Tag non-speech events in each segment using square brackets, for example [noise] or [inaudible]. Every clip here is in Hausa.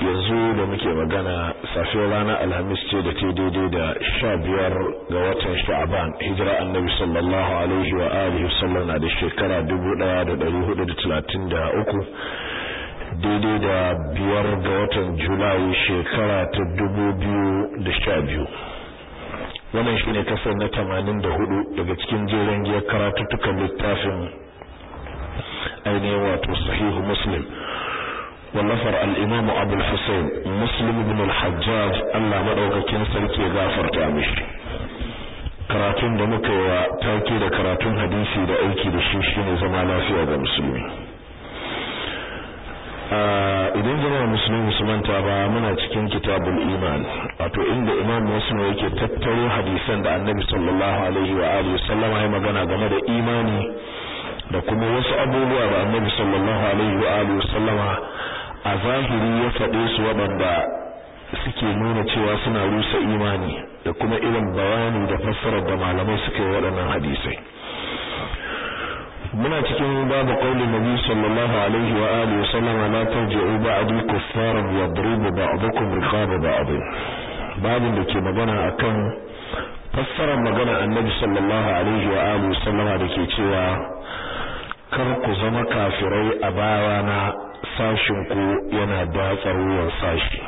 yanzu da muke magana safiyar rana alhamis ce da ke daidai da sha biyar ga watan sha'aban hijira annabi sallallahu alaihi wa alihi sallallahu na da shekara dubu daya da dari hudu da talatin da uku daidai da biyar ga watan julai shekara ta dubu biyu da sha biyu wannan shi ne kasar na tamanin da hudu daga cikin jerin giyar karatuttukan littafin ainihin wato sahihu muslim wallafar al'imamu abul hussein muslim ibn al-hajjaj allah maɗaukakin sarki ya gafarta mishi karatun da muka yi wa take da karatun hadisi da aiki da shi shine zama lafiya ga musulmi idan jama'a musulmi su manta ba muna cikin kitabun iman wato inda imam muslim yake tattaro hadisan da annabi sallallahu alaihi wa alihi sallama ya magana game da imani da kuma wasu abubuwa da annabi sallallahu alaihi wa alihi sallama a zahiri ya faɗe su waɗanda suke nuna cewa suna rusa imani da kuma irin bayani da fassarar da malamai suka yi waɗannan hadisai muna cikin babu qaulin nabi sallallahu alaihi wa alihi wa sallama la tarji'u ba'di kuffaran yadribu ba'dukum riqaba ba'd babin da ke magana akan fassarar magana annabi sallallahu alaihi wa alihi wa sallama da ke cewa kar ku zama kafirai a bayana sashin ku yana datsar wuyan sashi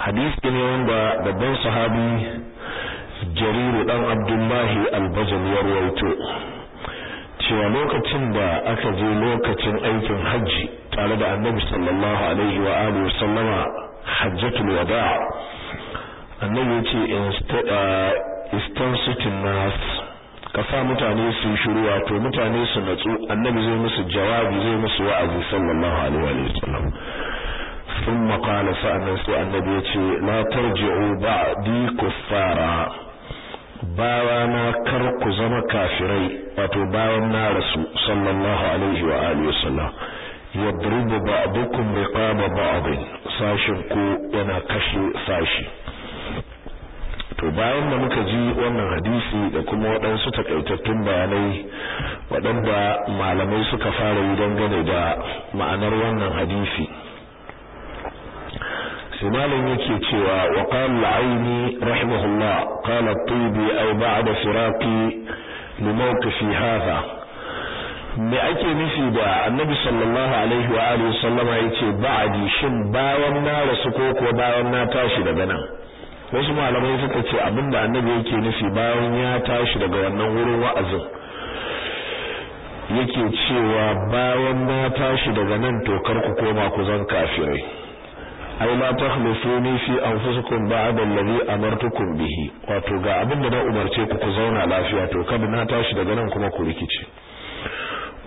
hadisi ne wanda babban sahabi jariru dan abdullahi albazal ya rawaito cewa lokacin da aka je lokacin aikin hajji tare da annabi sallallahu alaihi wa alihi wa sallama hajjatul wada annabi ya ce uh, istansitin nas ka sa mutane su shiru wato mutane su natsu annabi zai musu jawabi zai musu wa'azi sallallahu alaihi wa sallam thumma qala sa'an sai annabi ya ce la tarji'u ba'di kuffara bawa na kar ku zama kafirai wato bawan na rasu sallallahu alaihi wa alihi wa sallam yadribu ba'dukum riqaba sashin ku yana kashe sashi to bayan da muka ji wannan hadisi da kuma waɗansu takaitattun bayanai waɗanda malamai suka fara yi dangane da ma'anar wannan hadisi سمالين يكي تشوى وقال العيني رحمه الله قال da أو بعد فراقي لموقفي هذا me ake nufi da annabi sallallahu alaihi wa alihi sallama yace ba'di shin bayan na rasu ko ko bayan na tashi daga nan wasu malamai suka ce abinda annabi yake nufi bayan ya tashi daga wannan wurin wa'azin yake cewa bayan na tashi daga nan to ku koma ku zan kafirai ai la takhlifuni fi a ba'da allazi amartukum bihi wato ga abinda na umarce ku ku zauna lafiya to na tashi daga nan kuma ku rikice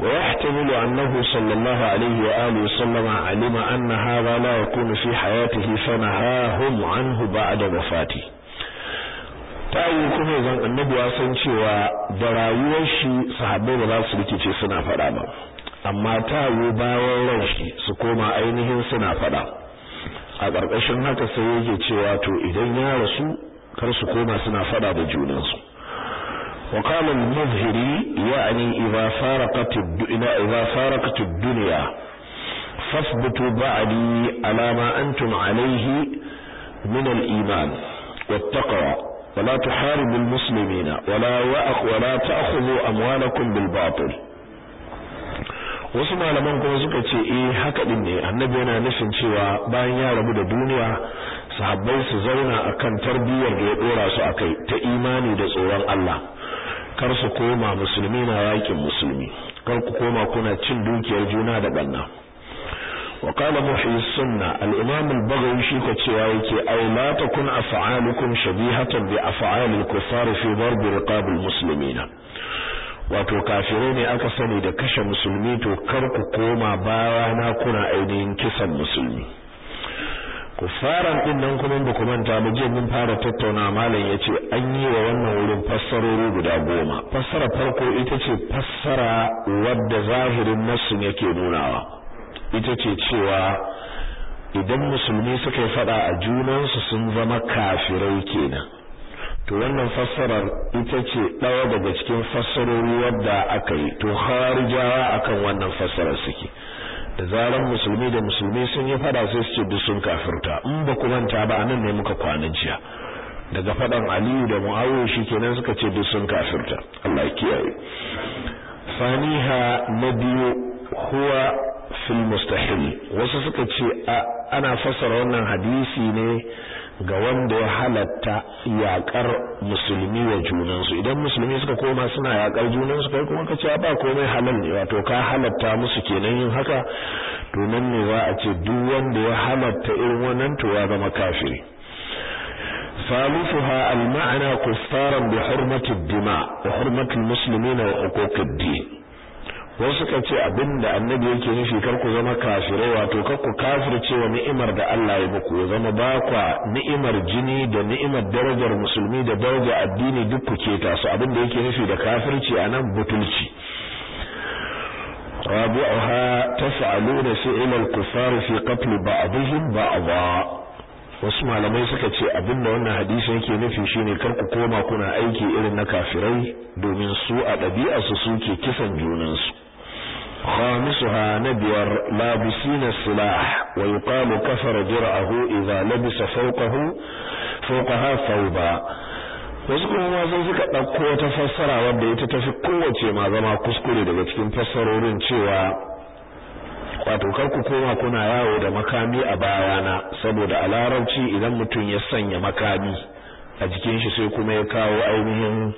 ويحتمل أنه صلى الله عليه وآله وسلم علم أن هذا لا يكون في حياته فنهاهم عنه بعد وفاته tayi kuma zan annabi ya san cewa da rayuwar shi sahabbai ba za su rikice suna faɗa ba amma tayi bayan ran shi su koma ainihin suna faɗa a ƙarƙashin haka sai yake cewa to idan ya rasu kar su koma suna faɗa da junansu وقال المظهري يعني إذا فارقت إذا فارقت الدنيا فاثبتوا بعدي على ما أنتم عليه من الإيمان والتقوى ولا تحاربوا المسلمين ولا ولا تأخذوا أموالكم بالباطل wasu malaman kuma suka ce eh haka din ne annabi yana nufin cewa bayan ya rabu da duniya sahabbai su zauna akan tarbiyyar da ya dora su akai ta imani da tsoron Allah kar su koma musulmi na yakin musulmi kar ku koma kuna cin dukiyar juna da banna wa qala muhyi sunna al imam al bagawi shi ko cewa yake ay la takun af'alukum shabihatan bi af'al al kuffar fi darb riqab al muslimin wato kafirai ne aka sani da kashe musulmi to kar ku koma baya na kuna ainihin kisan musulmi kufaran din nan kuma da kuma ta muje mun fara tattauna malam yace an yi wa wannan wurin fassarori guda goma fassara farko ita ce fassara wadda zahirin nassin yake nunawa ita ce cewa idan musulmi suka yi fada a junansu sun zama kafirai kenan to wannan fassarar ita ce ɗaya daga cikin fassarori wadda aka yi to harijawa akan wannan fassarar suke da zaran musulmi da musulmi sun yi fada sai su ce duk sun kafirta in ba ku manta ba anan ne muka kwana jiya daga fadan aliyu da muawiya kenan suka ce duk sun kafirta Allah ya kiyaye faniha na biyu huwa fil mustahil wasu suka ce ana fassara wannan hadisi ne ga wanda ya halatta yakar musulmi wa junansu idan musulmi suka koma suna yakar junansu kai kuma ka ce ba komai halal ne wato ka halatta musu kenan yin haka to nan ne za a ce duk wanda ya halatta irin wannan to ya zama kafiri ثالثها المعنى كفارا بحرمة الدماء وحرمة المسلمين وحقوق الدين wasu suka ce abinda annabi yake nufi kar ku zama kafirai wato kar ku kafirce wa ni'imar da Allah ya muku ya zama ba kwa ni'imar jini da ni'imar darajar musulmi da daraja addini duk ku tasu su abinda yake nufi da kafirci a nan butulci رابعها تفعلون فعل الكفار في قتل بعضهم بعضا wasu malamai suka ce abinda wannan hadisi yake nufi shine kar ku koma kuna aiki irin na kafirai domin su a su suke kisan junansu خامسها نبير لابسين السلاح ويقال كفر درعه إذا لبس فوقه فوقها ثوبا wasu kuma ma sun suka ɗauko wata fassara wadda ita ta fi kowace ma zama kuskure daga cikin fassarorin cewa wato kar ku koma kuna yawo da makami a bayana saboda a larabci idan mutum ya sanya makami a jikin shi sai kuma ya kawo ainihin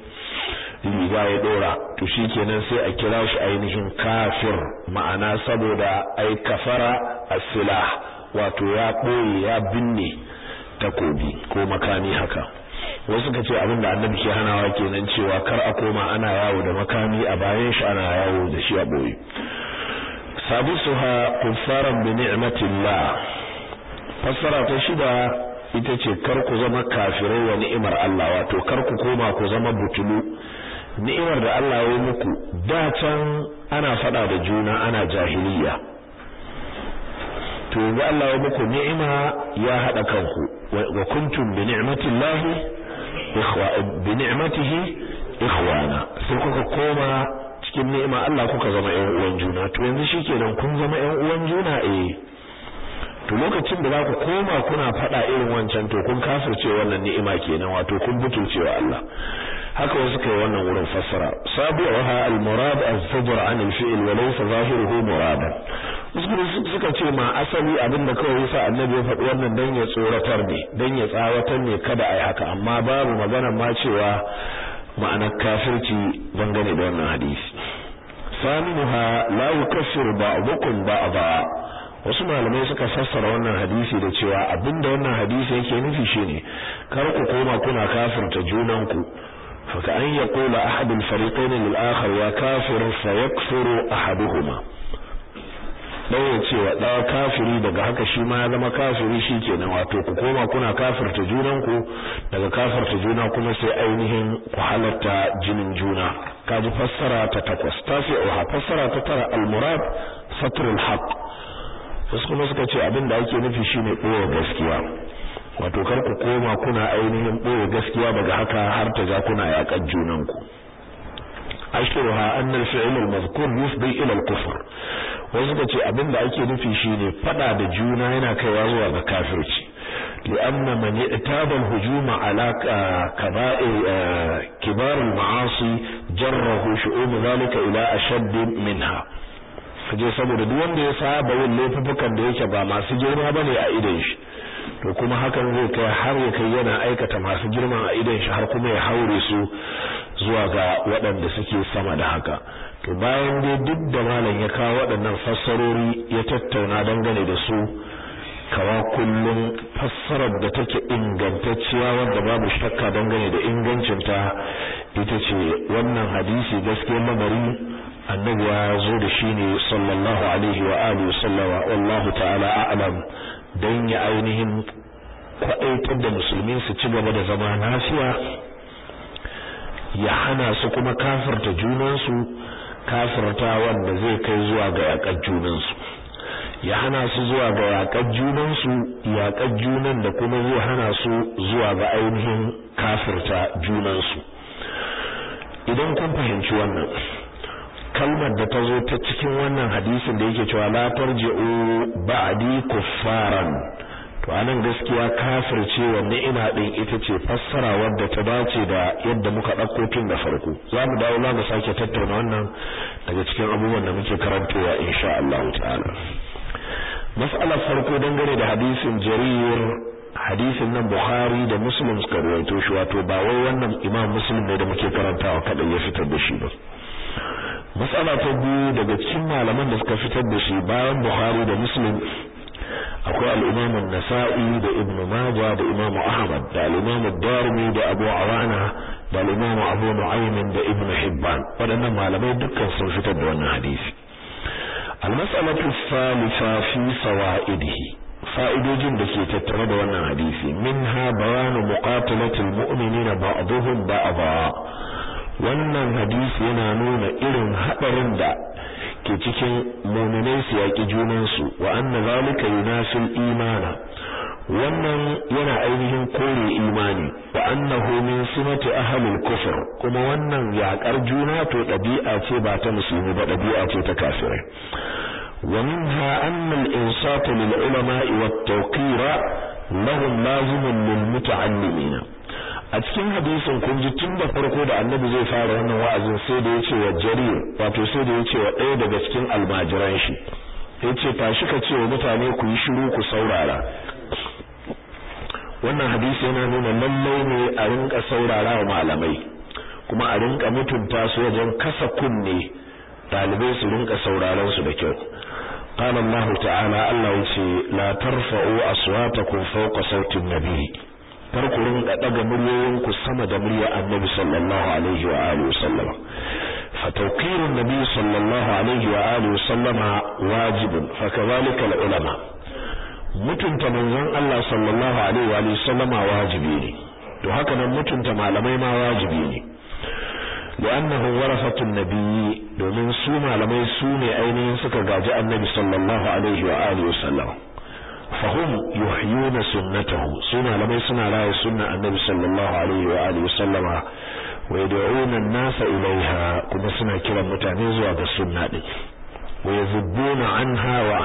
riga ya dora to shi kenan sai a kira shi ainihin kafir ma'ana saboda ai kafara as-silah wato ya boye ya binne takobi ko makami haka wasu ka ce abinda annabi ke hanawa kenan cewa kar a koma ana yawo da makami a bayan shi ana yawo da shi a boye ha kuffaran bi ni'matillah fassara ta shida ita ce kar ku zama kafirai wa ni'imar Allah wato kar ku koma ku zama butulu ni'imar da Allah ya yi muku da can ana fada da juna ana jahiliya to yanzu Allah ya muku ni'ima ya hada kanku wa kuntum bi ni'matillahi ikhwa bi ni'matihi ikhwana sai kuka koma cikin ni'ima Allah kuka zama ƴan uwan juna to yanzu shikenan kun zama ƴan uwan juna eh to lokacin da za ku koma kuna fada irin wancan to kun cewa wannan ni'ima kenan wato kun butulcewa Allah haka wasu kai wannan wurin fassara sabuwar al-murad al zubr an al-fi'l wa laysa zahiruhu muradan suka ce ma asali abinda kawai yasa annabi ya faɗi wannan dan ya tsoratar ne dan ya tsawatar ne kada ai haka amma babu magana ma cewa ma'anar kafirci dangane da wannan hadisi sanuha la yukaffiru ba'dukum ba'da wasu malamai suka fassara wannan hadisi da cewa abinda wannan hadisi yake nufi shine kar ku koma kuna kafirta ku. فكأن يقول أحد الفريقين للآخر يا كافر فيكفر أحدهما dan ya ce wa ɗaya kafiri daga haka shi ma ya zama kafiri shi ke nan wato ku koma kuna kafirta junanku daga kafirta juna kuma sai ainihin ku halatta jinin juna kaji fassara ta takwas fi ha fassara ta tara al-murad satrul haqq wasu kuma suka ce abin da ake nufi shine ɓoye gaskiya wato kar ku koma kuna ainihin ɓoye gaskiya daga haka har ta ga kuna yaƙar junanku ashiru ha annal fil al-mazkur yusbi ila al-kufr wasu kace abin da ake nufi shine fada da juna yana kaiwa zuwa ga kafirci anna man yataba al-hujuma ala kaba'ir eh, kibar al-ma'asi jarrahu shu'ub zalika ila ashadd minha kaje saboda duk wanda ya saba yin laifukan da yake ba masu girma bane a idan shi to kuma hakan zai kai har ya kai yana aikata masu girma a idan shi har kuma ya haure su zuwa ga waɗanda suke sama da haka to bayan dai duk da malam ya kawo waɗannan fassarori ya tattauna dangane da su kawa kullum fassarar da take ingantacciya wadda babu shakka dangane da ingancinta ita ce wannan hadisi gaske lamari annabi ya zo da shi ne sallallahu alaihi wa alihi sallama wallahu ta'ala a'lam don ya ainihin kwaɗaitar da musulmi su ci gaba da zama lafiya ya hana su kuma kafarta junansu kafarta wanda zai kai zuwa ga yaƙar junansu ya hana su zuwa ga yaƙar junansu yaƙar junan da kuma zai hana su zuwa ga ainihin kafarta junansu idan kun fahimci wannan kalmar da ta zo ta cikin wannan hadisin da yake cewa lafar ji'u ba'di kuffaran to anan gaskiya ce wanne ina din ita ce fassara wadda ta dace da yadda muka dauko tun da farko zamu dawo za mu sake tattauna wannan daga cikin abubuwan da muke karantowa insha Allah ta'ala mas'alar farko dangane da hadisin jarir hadisin nan Bukhari da Muslim suka rawaito shi wato ba wai wannan Imam Muslim ne da muke karantawa kada ya fitar da shi ba matsala ta biyu daga cikin malaman da suka fitar da shi bayan buhari da muslim akwai al nasai da ibn majah da imam ahmad da al darmi da abu awana da al-imam abu da ibn hibban wadannan malamai dukkan sun fitar da wannan hadisi al-mas'alatu fi sawaidihi fa'idojin da ke tattare da wannan hadisi minha bayanu muqatalatil mu'minina ba'dhum ba'dha wannan hadisi yana nuna irin hadarin da ke cikin mu'minai su yaki junansu wa anna zalika yunasil imana wannan yana ainihin kore imani wa annahu min sunati ahlul kufr kuma wannan yaƙar juna to ɗabi'a ce ba ta musulmi ba ɗabi'a ce ta kafirai wa minha anna al-insat lil ulama wa at-tawqira lahum lazimun lil muta'allimina a cikin hadisin kun ji tun da farko da annabi zai fara wannan wa'azin sai da ya ce wa jarir wato sai da ce wa ɗaya daga cikin almajiran shi yace tashi ka ce wa mutane ku yi shiru ku saurara wannan hadisi yana nuna lallai ne a rinka saurara wa malamai kuma a rinka mutunta su wajen kasa kunne dalibai su rinka sauraron su da kyau قال الله تعالى الله يقول لا ترفعوا أصواتكم فوق صوت النبي kar ku rinka daga muryoyin ku sama da murya annabi sallallahu alaihi wa alihi wasallam fa tawqirun nabi sallallahu alaihi wa alihi wasallam wajibun fa kadhalika al ulama mutunta manzon Allah sallallahu alaihi wa alihi wasallam wajibi ne to haka nan mutunta malamai ma wajibi ne لأنه ورثة النبي domin su malamai su ne ainihin suka gaji annabi sallallahu alaihi wa alihi wasallam fahum yuhyuna sunnatahu su malamai suna raya sunna annabi sallallahu alaihi wa sallama wa nasa ilaiha kuma suna kiran mutane zuwa ga sunna din wa yazubbuna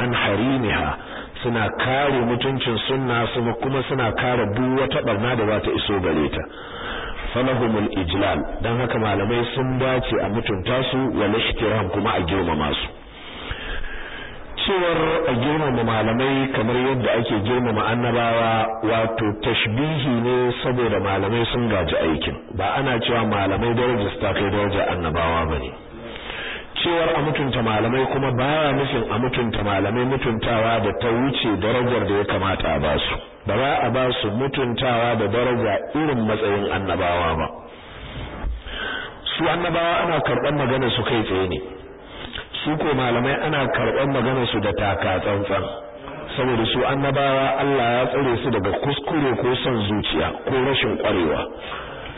an harimiha suna kare mutuncin sunna suna kuma suna kare duk wata barna da za ta iso gare ta ijlal don haka malamai sun dace a mutunta su wal ihtiram kuma a girmama su cewar a girmama malamai kamar yadda ake girmama annabawa wato tashbihi ne saboda malamai sun gaji aikin ba ana cewa malamai darajar ta kai darajar annabawa ba ne. cewar a mutunta malamai kuma baya nufin a mutunta malamai mutuntawa da ta wuce darajar da ya kamata a basu ba za a ba su mutuntawa da daraja irin matsayin annabawa ba su annabawa ana karɓar magana su kai tsaye ne su ko malamai ana karɓar magana su da taka tsantsan saboda su annabawa Allah ya tsare su daga kuskure ko son zuciya ko rashin ƙwarewa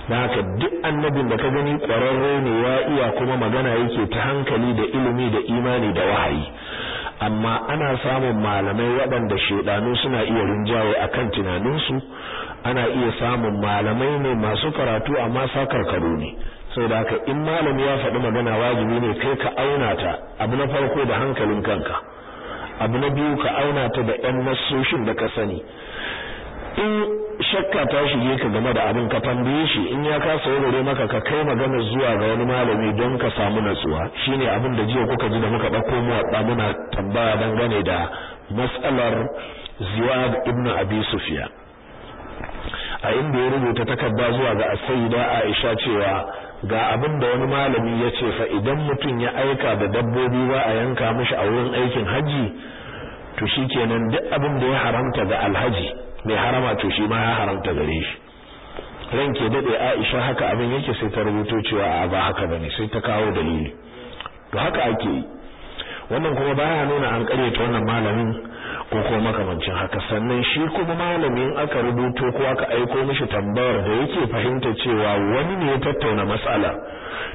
da haka duk annabin da ka gani kwararre ne ya iya kuma magana yake ta hankali da ilimi da imani da wahayi amma ana samun malamai waɗanda shaidanu suna iya rinjaye akan tunaninsu ana iya samun malamai ne masu karatu amma sakarkaru ne sau da haka in malami ya faɗi magana wajibi ne kai ka auna ta abu na farko da hankalin kanka abu na biyu ka auna ta da yan nasoshin da ka sani in shakka ta shige ka game da abin ka tambaye shi in ya kasa warware maka ka kai magana zuwa ga wani malami don ka samu natsuwa shine abin da jiya kuka ji da muka ɗauko mu a muna tambaya dangane da matsalar Ziyad ibn Abi sufiya a inda ya rubuta takarda zuwa ga da Aisha cewa ga abin da wani malami ya ce fa idan mutum ya aika da dabbobi ba a yanka mishi a wurin aikin haji to shi kenan duk abin da ya haramta ga alhaji mai harama to shi ma ya haramta gare shi ran ke daɗe aisha haka abin yake sai ta rubuto cewa a ba haka bane sai ta kawo dalili to haka ake yi wannan kuma baya nuna an karyata wannan malamin ko kuma makamancin haka sannan shi kuma malamin aka rubuto ko aka aiko mishi tambayar da yake fahimta cewa wani ne ya tattauna matsala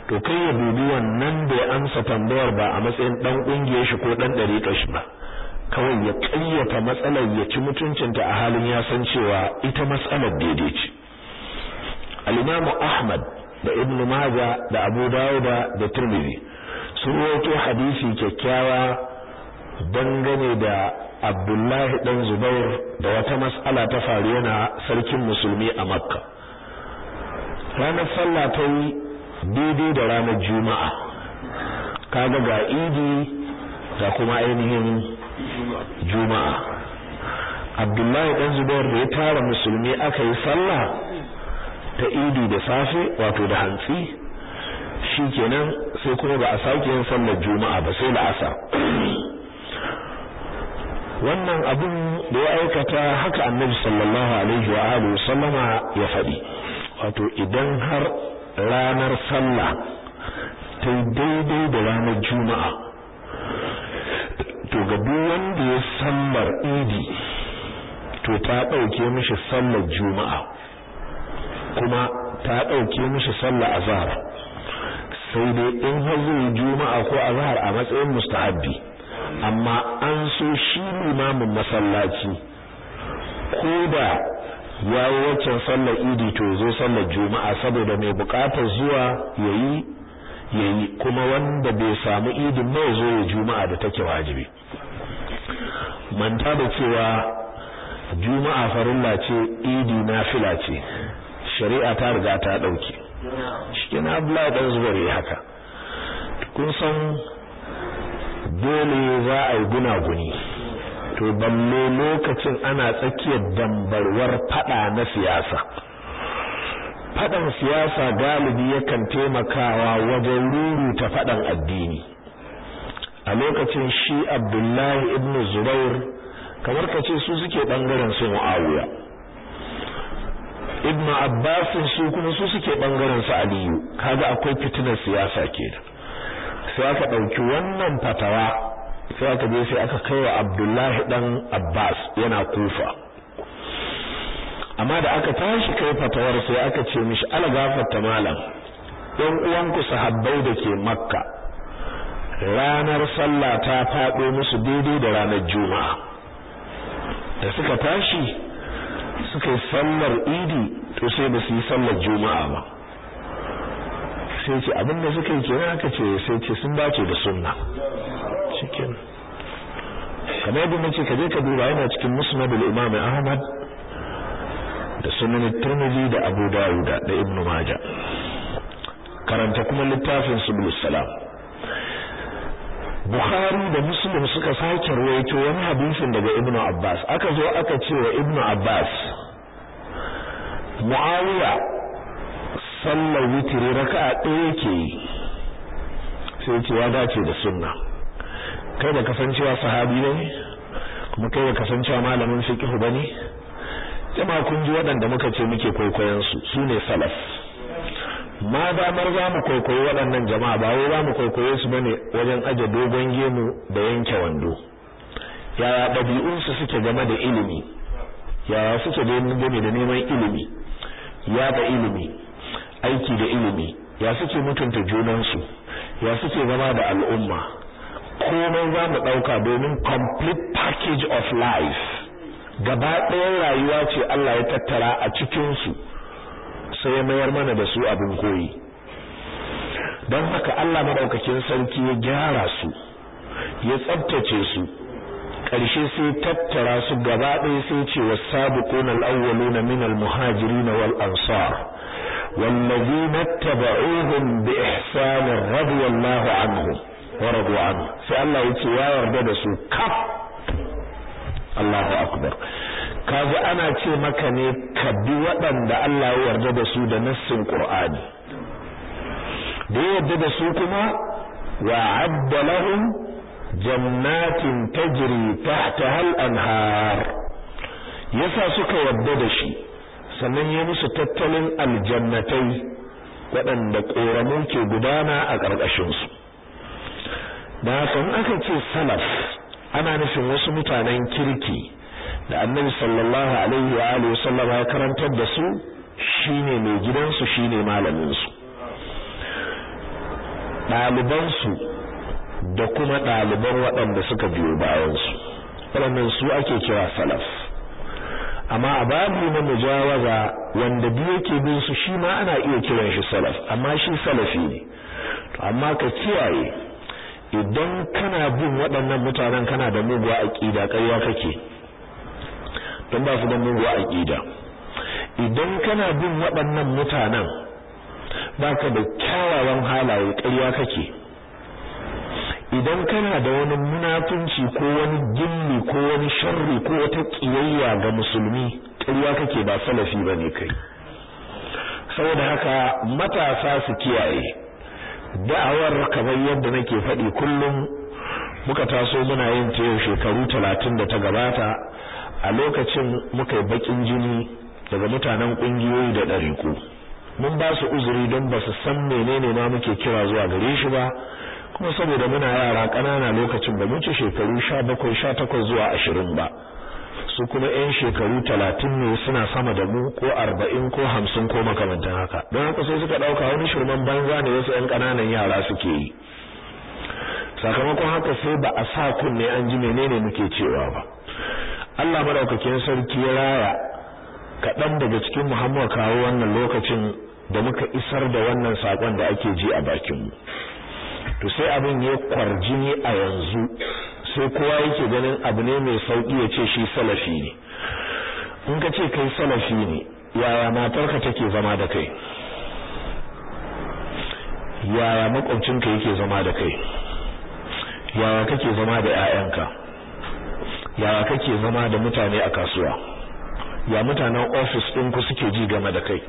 to kai ya dubi wannan da ya amsa tambayar ba a matsayin dan kungiyar shi ko dan dariƙar shi ba kawai ya ƙayyata matsalar ya ci mutuncinta a halin ya san cewa ita matsalar daidai ce al-Imam Ahmad da Ibn Majah da Abu Dawud da Tirmidhi sun rawaito hadisi kyakkyawa dangane da abdullahi dan zubair da wata mas'ala ta faru yana sarkin musulmi a makka ranar sallah ta yi daidai da ranar juma'a kaga ga idi da kuma ainihin juma'a abdullahi dan zubair da ya tara musulmi aka yi sallah ta idi da safe wato da hantsi shi kenan sai kuma ba a sake yin sallar juma'a ba sai la'asa wannan abin da ya aikata haka annabi sallallahu alaihi wa alihi sallama ya faɗi wato idan har ranar sallah ta daidai da ranar juma'a to ga duk wanda ya sallar idi to ta ɗauke mishi sallar juma'a kuma ta ɗauke mishi sallar azhar sai dai in har zai juma'a ko azhar a matsayin mustahabbi amma an so shi limamin masallaci ko da ya yi waccan sallar idi to zo sallar juma'a saboda mai bukatar zuwa ya yi kuma wanda bai samu idin ba zo ya juma'a da take wajibi manta da cewa juma'a farilla ce idi na fila ce shari'a ta riga ta dauke shi na abdullahi dan zubairu haka kun san dole za a yi guni to balle lokacin ana tsakiyar dambarwar fada na siyasa fadan siyasa galibi yakan taimakawa wajen ruruta fadan addini a lokacin shi abdullahi ibn zubair kamar ka ce su suke bangaren su mu'awiya ibn abbas su kuma su suke bangaren su aliyu kaga akwai fitinar siyasa kenan sai aka ɗauki wannan fatawa sai aka je sai aka kai wa abdullahi ɗan abbas yana kufa amma da aka tashi kai fatawar sai aka ce mishi ta malam ɗan uwanku sahabbai da ke makka ranar sallah ta faɗo musu daidai da ranar juma'a da suka tashi suka yi sallar idi to sai ba su yi sallar juma'a ba sai ce abin da suka yi kenan aka ce sai ce sun dace da sunna cikin kamar yadda nace ka je ka duba yana cikin musnad al-imam ahmad da sunan tirmidhi da abu dawud da ibnu majah karanta kuma littafin subul salam Bukhari da Muslim suka sake rawaito wani hadisin daga Ibn Abbas aka zo aka ce wa Ibn Abbas Muawiya sallar witiri raka'a ɗaya ke yi sai ce ya dace da sunna kai da kasancewa sahabi ne kuma kai da kasancewa malamin fiqh bane jama'a kun ji waɗanda muka ce muke kwaikwayon su sune salaf ma damar za mu kwaikwayi waɗannan jama'a ba wai za mu kwaikwaye su bane wajen aje dogon gemu da yanke wando yaya ɗabi'unsu suke game da ilimi yaya suke game da neman ilimi ya ilimi aiki da ilimi ya suke mutunta junansu ya suke zama da al'umma komai za mu ɗauka domin complete package of life gaba ɗayan rayuwa ce Allah ya tattara a cikinsu sai ya mayar mana da su abin koyi don haka Allah maɗaukakin sarki ya gyara su ya tsabtace su ƙarshe sai tattara su gaba ɗaya sai ce wasabiquna al na min al na wal ansar والذين اتبعوهم بإحسان رضي الله عنهم ورضوا عنه فالله يتوى يرضى كف Allahu akbar kaga ana ce maka ne ka bi waɗanda Allah ya yarda da su da nassin Qur'ani da ya yarda da su kuma wa adda lahum jannatin tajri tahtaha al-anhar yasa suka yarda da shi sannan ya musu tattalin aljannatai waɗanda ƙoramu ke gudana a ƙarƙashinsu da sun aka ce salaf ana nufin wasu mutanen kirki da annabi sallallahu alaihi wa alihi wasallam ya karantar da su shine mai gidansu shine malaminsu. ɗalibansu da kuma ɗaliban waɗanda suka biyo bayansu su waɗannan su ake kira salaf amma a babu na mujawaza wanda biyu yake bin su shi ma ana iya kiran shi salaf amma shi salafi ne to amma ka kiyaye idan kana bin waɗannan mutanen kana da muguwa aqida ƙarya kake don ba su da muguwa aqida idan kana bin waɗannan mutanen baka da kyawawan halaye ƙarya kake idan kana da wani munafunci ko wani gilli ko wani sharri ko wata kiyayya ga musulmi ƙarya kake ba salafi bane kai saboda haka matasa su kiyaye da'awar kamar yadda nake faɗi kullum muka taso muna yin ta yau shekaru talatin da ta gabata a lokacin muka yi baƙin jini daga mutanen ƙungiyoyi da ɗariƙu mun ba su uzuri don ba su san menene ma muke kira zuwa gare shi ba kuma saboda muna yara ƙanana lokacin ba ce shekaru sha bakwai sha takwas zuwa ashirin ba su kuma 'yan shekaru talatin ne suna sama da mu ko arba'in ko hamsin ko makamantan haka don haka sai suka ɗauka wani shirman banza ne wasu 'yan ƙananan yara suke yi sakamakon haka sai ba a sa kunne an ji menene muke cewa ba Allah maɗaukakin sarki ya raya kaɗan daga cikin Muhammad kawo wannan lokacin da muka isar da wannan saƙon da ake ji a bakinmu. to sai abin ya ne a yanzu sai kowa yake ganin abu ne mai sauki ya ce shi salafi ne in ka ce kai salafi ne yaya matarka take zama da kai yaya makwabcinka yake zama da kai yaya kake zama da 'ya'yanka yaya kake zama da mutane a kasuwa ya mutanen ofis ɗinku suke ji game da kai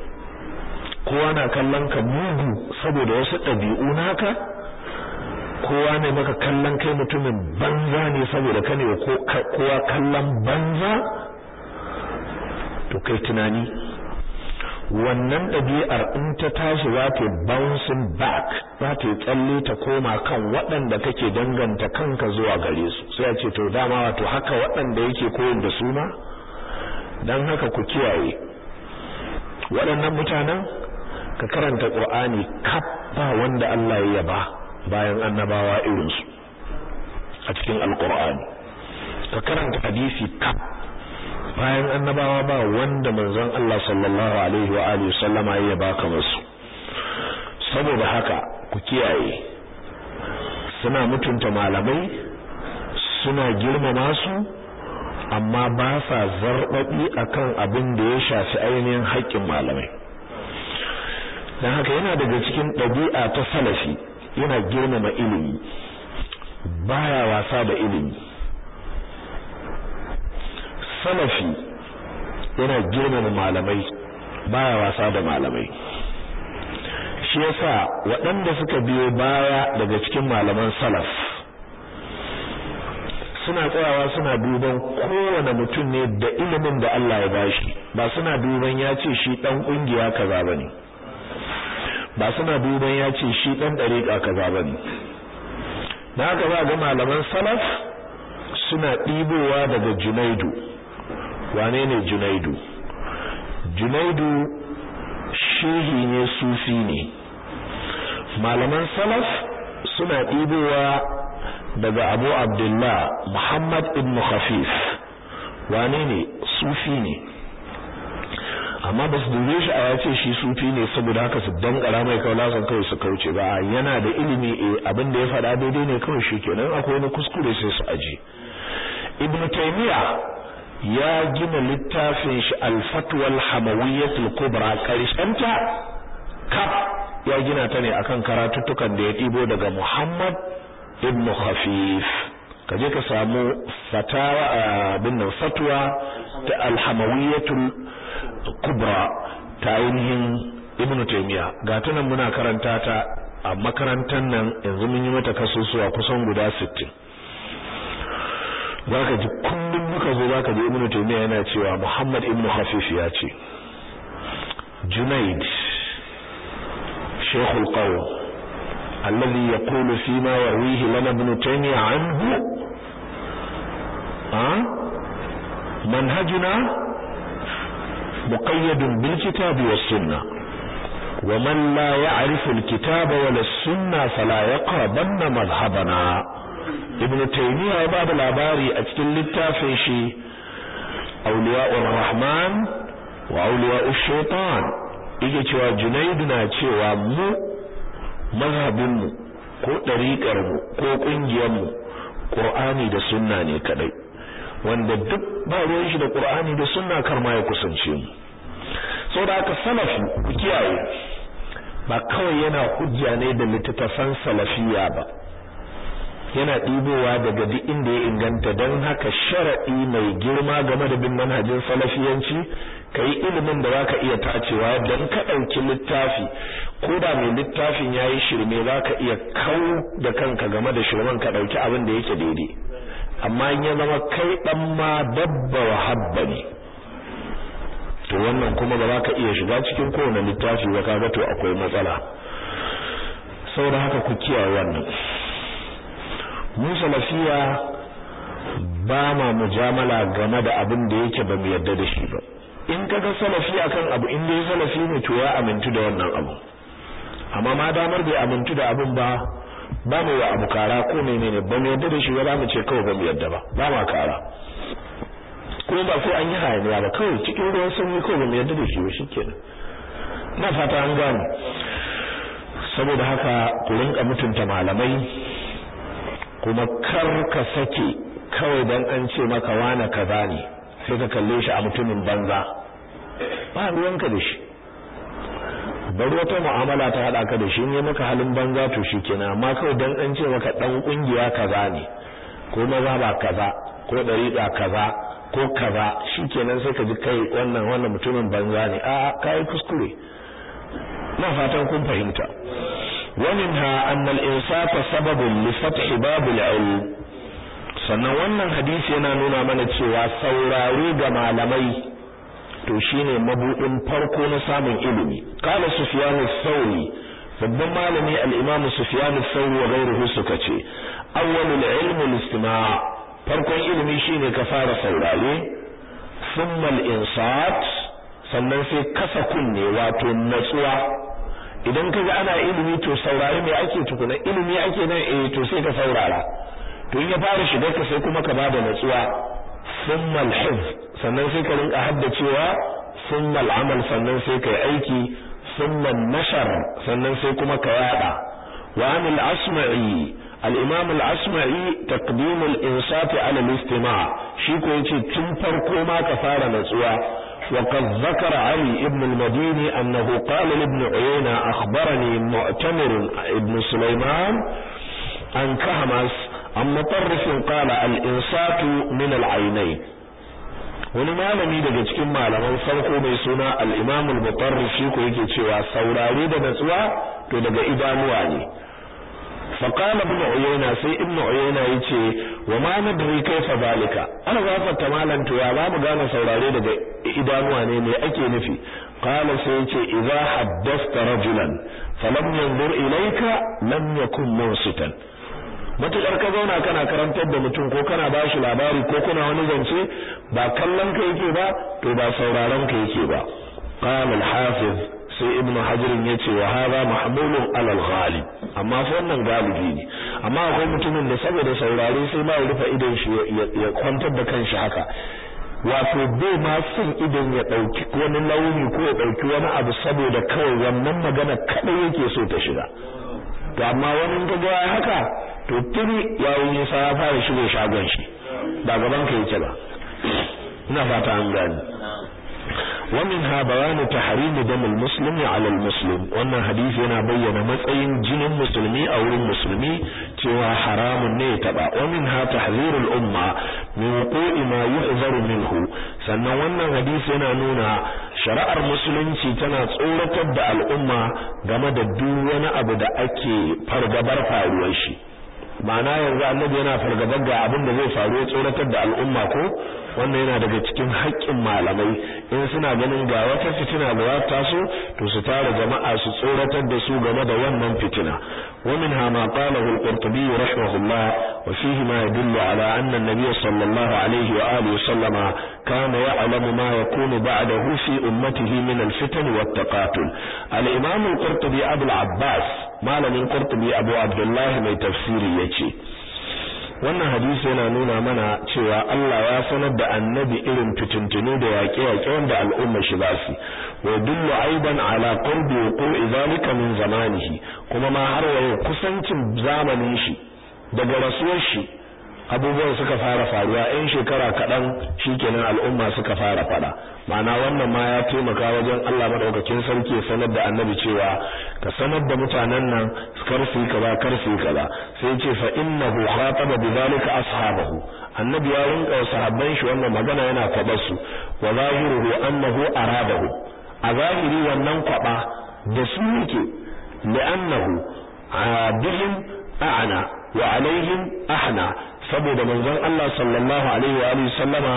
kowa na kallon ka mugu saboda wasu ɗabi'u naka kowa ne maka kallon kai mutumin banza ne saboda ka ne kowa kallon banza to kai tunani wannan ɗabi'ar in ta tashi za ta bouncing back za ta tsalle ta koma kan waɗanda kake danganta kanka zuwa gare su sai a ce to dama wato haka waɗanda yake koyar da suna Don haka ku kiwaye. waɗannan mutanen ka karanta ƙur'ani kaf ba wanda Allah ya yaba bayan annabawa irinsu a cikin alkur'ani ka karanta hadisi kaf bayan annabawa ba wanda manzon Allah sallallahu alaihi wa alihi sallama ya baka musu saboda haka ku kiyaye suna mutunta malamai suna girmama su amma ba sa zarbabi akan abin da ya shafi ainihin haƙƙin malamai dan haka yana daga cikin ɗabi'a ta salafi yana girmama ilimi baya wasa da ilimi salafi yana girmama malamai baya wasa da malamai shi yasa waɗanda suka biyo baya daga cikin malaman salaf suna tsayawa suna duban kowane mutum ne da ilimin da Allah ya bashi ba suna duban ya ce shi ɗan ƙungiya kaza bane ba suna duban ya ce shi ɗan ɗariƙa kaza ba ne na haka ba ga malaman salaf suna ɗibowa daga junaidu wane ne junaidu junaidu shehi ne sufi ne malaman salaf suna ɗibowa daga abu abdullah muhammad ibn khafif wane ne sufi ne amma ba su dube shi a ya ce shi sufi ne saboda haka su ƙara mai kawo san kawai su kauce ba yana da ilimi eh abin ya faɗa daidai ne kawai shi kenan akwai wani kuskure sai su aji ibn taymiya ya gina littafin shi al-fatwa kubra karshenta kaf ya gina ta ne akan karatuttukan da ya ɗibo daga muhammad ibn khafif kaje ka samu fatawa eh, abin nan fatwa ta al kubra ta ainihin ibnu taymiya ga ta nan muna karanta ta a makarantar nan yanzu mun yi mata kasusuwa kusan guda 60 zaka ji kullum muka zo zaka ji ibnu taymiya yana cewa muhammad ibnu hafif ya ce junaid shaykhul qawm alladhi yaqulu ma yarwihi lana ibnu taymiya anhu ha manhajuna muqayyadun bil kitabi was sunnah wa man la ya'rifu al kitaba wal sunnah fala yaqrabanna madhhabana ibn taymiyyah ya labari a cikin littafin shi awliya'ur rahman wa awliya'ush shaitan yake cewa junaid na cewa mu mazhabinmu ko ɗariƙarmu ko ƙungiyarmu ƙur'ani da sunna ne kaɗai wanda duk ba ruwan shi da qur'ani da sunna kar ya kusance mu saboda haka salafi ku kiyaye ba kawai yana hujja ne da littattafan salafiya ba yana ɗibowa daga duk inda ya inganta dan haka shar'i mai girma game da bin manhajin salafiyanci ka yi ilimin da za ka iya tacewa don ka ɗauki littafi ko da mai littafin yayi shirme zaka iya kau da kanka game da shirman ka ɗauki abin da yake daidai amma in ya zama kai dan ma dabba wa habba ne to wannan kuma ba za ka iya shiga cikin kowane littafi ba kaga to akwai matsala saboda haka ku kiyaye wannan mu salafiya ba ma mujamala game da abin da yake ba mu yarda da shi ba in ka ga salafi akan abu in dai salafi ne to ya amintu da wannan abu amma ma damar bai amintu da abin ba ba mu wa abu kara ko menene ba mu yadda da shi ba za mu ce kawai ba mu yadda ba ba ma kara kuma ba sai an yi hayaniya ba kawai cikin ruwan sanyi ko ba mu yadda da shi ba ke na fata an gano. saboda haka ku rinka mutunta malamai kuma kar ka sake kawai dan an ce maka wane kaza ne sai ka kalle shi a mutumin banza ba ruwanka da shi bari wata mu'amala ta hada ka da shi ne maka halin banza to kenan amma kawai dan an ce maka dan ƙungiya kaza ne ko maza ba kaza ko dariqa kaza ko kaza shikenan sai ka ji kai wannan wannan mutumin banza ne a kai kuskure na fatan kun fahimta ومنها أن الإنصاف سبب لفتح باب ilm sannan wannan hadisi yana nuna mana cewa saurari ga malamai to shine mabudin farko na samun ilimi Kala sufyan sauri, thawri babban malami al-imam sufyan al wa ghayruhu suka ce awwalul ilm al-istima' farkon ilimi shine ka fara saurare thumma al-insat sannan sai kasa kunne wato natsuwa idan kaga ana ilimi to saurari me ake tukuna ilimi ake nan eh to sai ka saurara to in ya fara shigar ka sai kuma ka bada natsuwa thumma al-hifz sannan sai ka rinka haddacewa cewa summa al'amal sannan sai ka yi aiki summa nashar sannan sai kuma ka yada wa'amil asmai al-imam asmai taqdim al-insat shi ko yace tun farko ma ka fara natsuwa wakar zakar zakara ali ibn al-madini annahu qala li ibn uyayna akhbarani mu'tamir ibn sulaiman an kahmas an mutarrif qala al-insat min al wani malami daga cikin malaman farko mai suna al’imam al-mutarri shi yake cewa saurare da natsuwa to daga idanuwa ne faƙala bin oyena sai na oyena ya ce wa ma na dare kai fa zalika ana zafar ta malam to ya babu gane saurare daga idanuwa ne mai ake nufi qala sai ya ce idza haddasta rajulan falam yanzur ilayka lam yakun mursitan matukar ka zauna kana karantar da mutum ko kana ba shi labari ko kuna wani zance ba kallon ka yake ba to ba sauraron ka yake ba qala al-hafiz sai ibnu hajar yace wa hadha mahmulun ala al-ghalib amma wannan galibi ne amma akwai mutumin da saboda saurare sai ba ya rufe idon shi ya kwantar da kanshi haka wato bai ma son idan ya ɗauki wani launi ko ya ɗauki wani abu saboda kawai wannan magana kaɗai yake so ta shiga to amma wani ka ga haka to tuni ya yi nisa ya fara shigo shagon shi ba gaban ka yake ba ina fata an gani ومنها بيان da دم المسلم على المسلم wannan hadisi yana bayyana matsayin jinin musulmi a wurin musulmi cewa haramun ne taba wa minha tahzirul umma min wuqu'i ma yuhzaru minhu sannan wannan hadisi yana nuna shari'ar musulunci tana tsoratar da al'umma game da duk wani abu da ake fargabar faruwar shi ma'ana yanzu annabi yana fargabar ga abin da zai faru ya tsoratar da al'umma ko wannan yana daga cikin haƙƙin malamai in suna ganin ga wata fitina da za ta so to su tara jama'a su tsoratar da su game da wannan fitina wa min ha ma qalahu al-qurtubi rahimahullah wa fihi ma yadullu ala anna an-nabiy sallallahu alayhi wa alihi wa sallama kana ya'lamu ma yakunu ba'dahu fi ummatihi min al-fitan wa at-taqatul al-imam al abu al-abbas malamin qurtubi abu abdullahi mai tafsiri ce. wannan hadisi yana nuna mana cewa Allah ya sanar da annabi irin fitintunu da yaƙe-yaƙe wanda al'umma shi ba su wa dullu aiban ala qurbi wuqu'i zalika min zamanihi kuma ma har yau kusancin zamanin shi daga rasuwar shi abubuwan suka fara faruwa yan shekara kaɗan shikenan al'umma suka fara faɗa ma'ana wannan ma ya taimaka wajen Allah madaukakin sarki ya sanar da annabi cewa ka sanar da mutanen nan kar su yi kaza kar kaza sai ya ce fa innahu khataba bidhalika ashabahu annabi ya rinka sahabban shi wannan magana yana kwabar su wa zahiruhu annahu aradahu a zahiri wannan kwaba da su yake li'annahu bihim ana wa alaihim ahna saboda manzon Allah sallallahu alaihi wa alihi sallama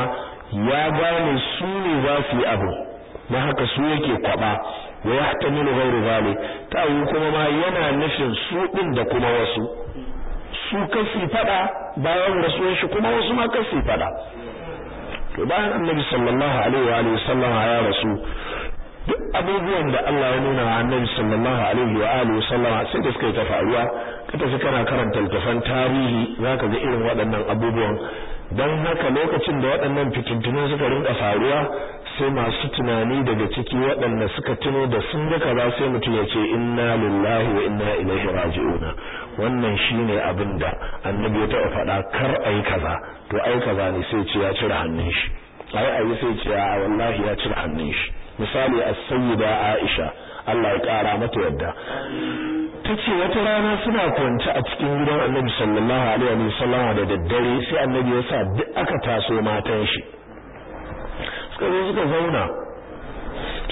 ya gane su ne za su yi abu na haka su yake kwaba wa yahtamilu ghayru zalik ta yi kuma ma yana nufin su din da kuma wasu su kasi fada bayan rasuwar shi kuma wasu ma kasi fada to bayan annabi sallallahu alaihi wa alihi sallama ya rasu duk abubuwan da Allah ya nuna annabi sallallahu alaihi wa alihi sallam sai da suka yi ta faruwa ka tafi kana karanta littafan tarihi zaka ga irin waɗannan abubuwan dan haka lokacin da waɗannan fitintunan suka rinka faruwa sai masu tunani daga ciki waɗanda suka tuno da sun ga kaza sai mutum ya ce inna lillahi wa inna ilaihi raji'un wannan shine abin da annabi ya taɓa faɗa kar a yi kaza to ai kaza ne sai ce ya cire hannun shi ai ai sai ce a wallahi ya cire hannun shi misali as-sayyida Aisha Allah ya kara mata yadda tace wata rana suna kwance a cikin gidan Annabi sallallahu alaihi wa sallam da daddare sai Annabi ya sa duk aka taso matan shi suka zo suka zauna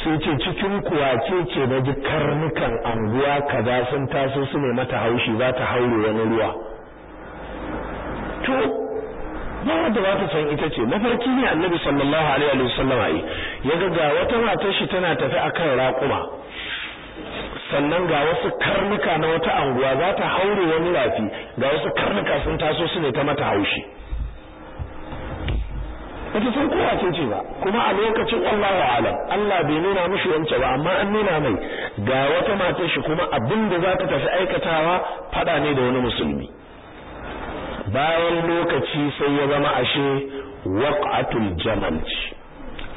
sai ce cikin kuwa ce ce na ji karnukan anguwa kaza sun taso su ne mata haushi za ta haure wani ruwa to ba da za ta san ita ce mafarki ne annabi sallallahu alaihi wa sallama yi ya ga wata matar shi tana tafi akan raƙuma sannan ga wasu karnuka na wata anguwa za ta haure wani rafi ga wasu karnuka sun taso su ne ta mata haushi wata san kowa ce ce ba kuma a lokacin Allahu alam Allah bai nuna mishi wance ba amma an nuna mai ga wata matar shi kuma abin da za ta tafi aikatawa fada ne da wani musulmi bayan lokaci sai ya zama ashe waqatul jamal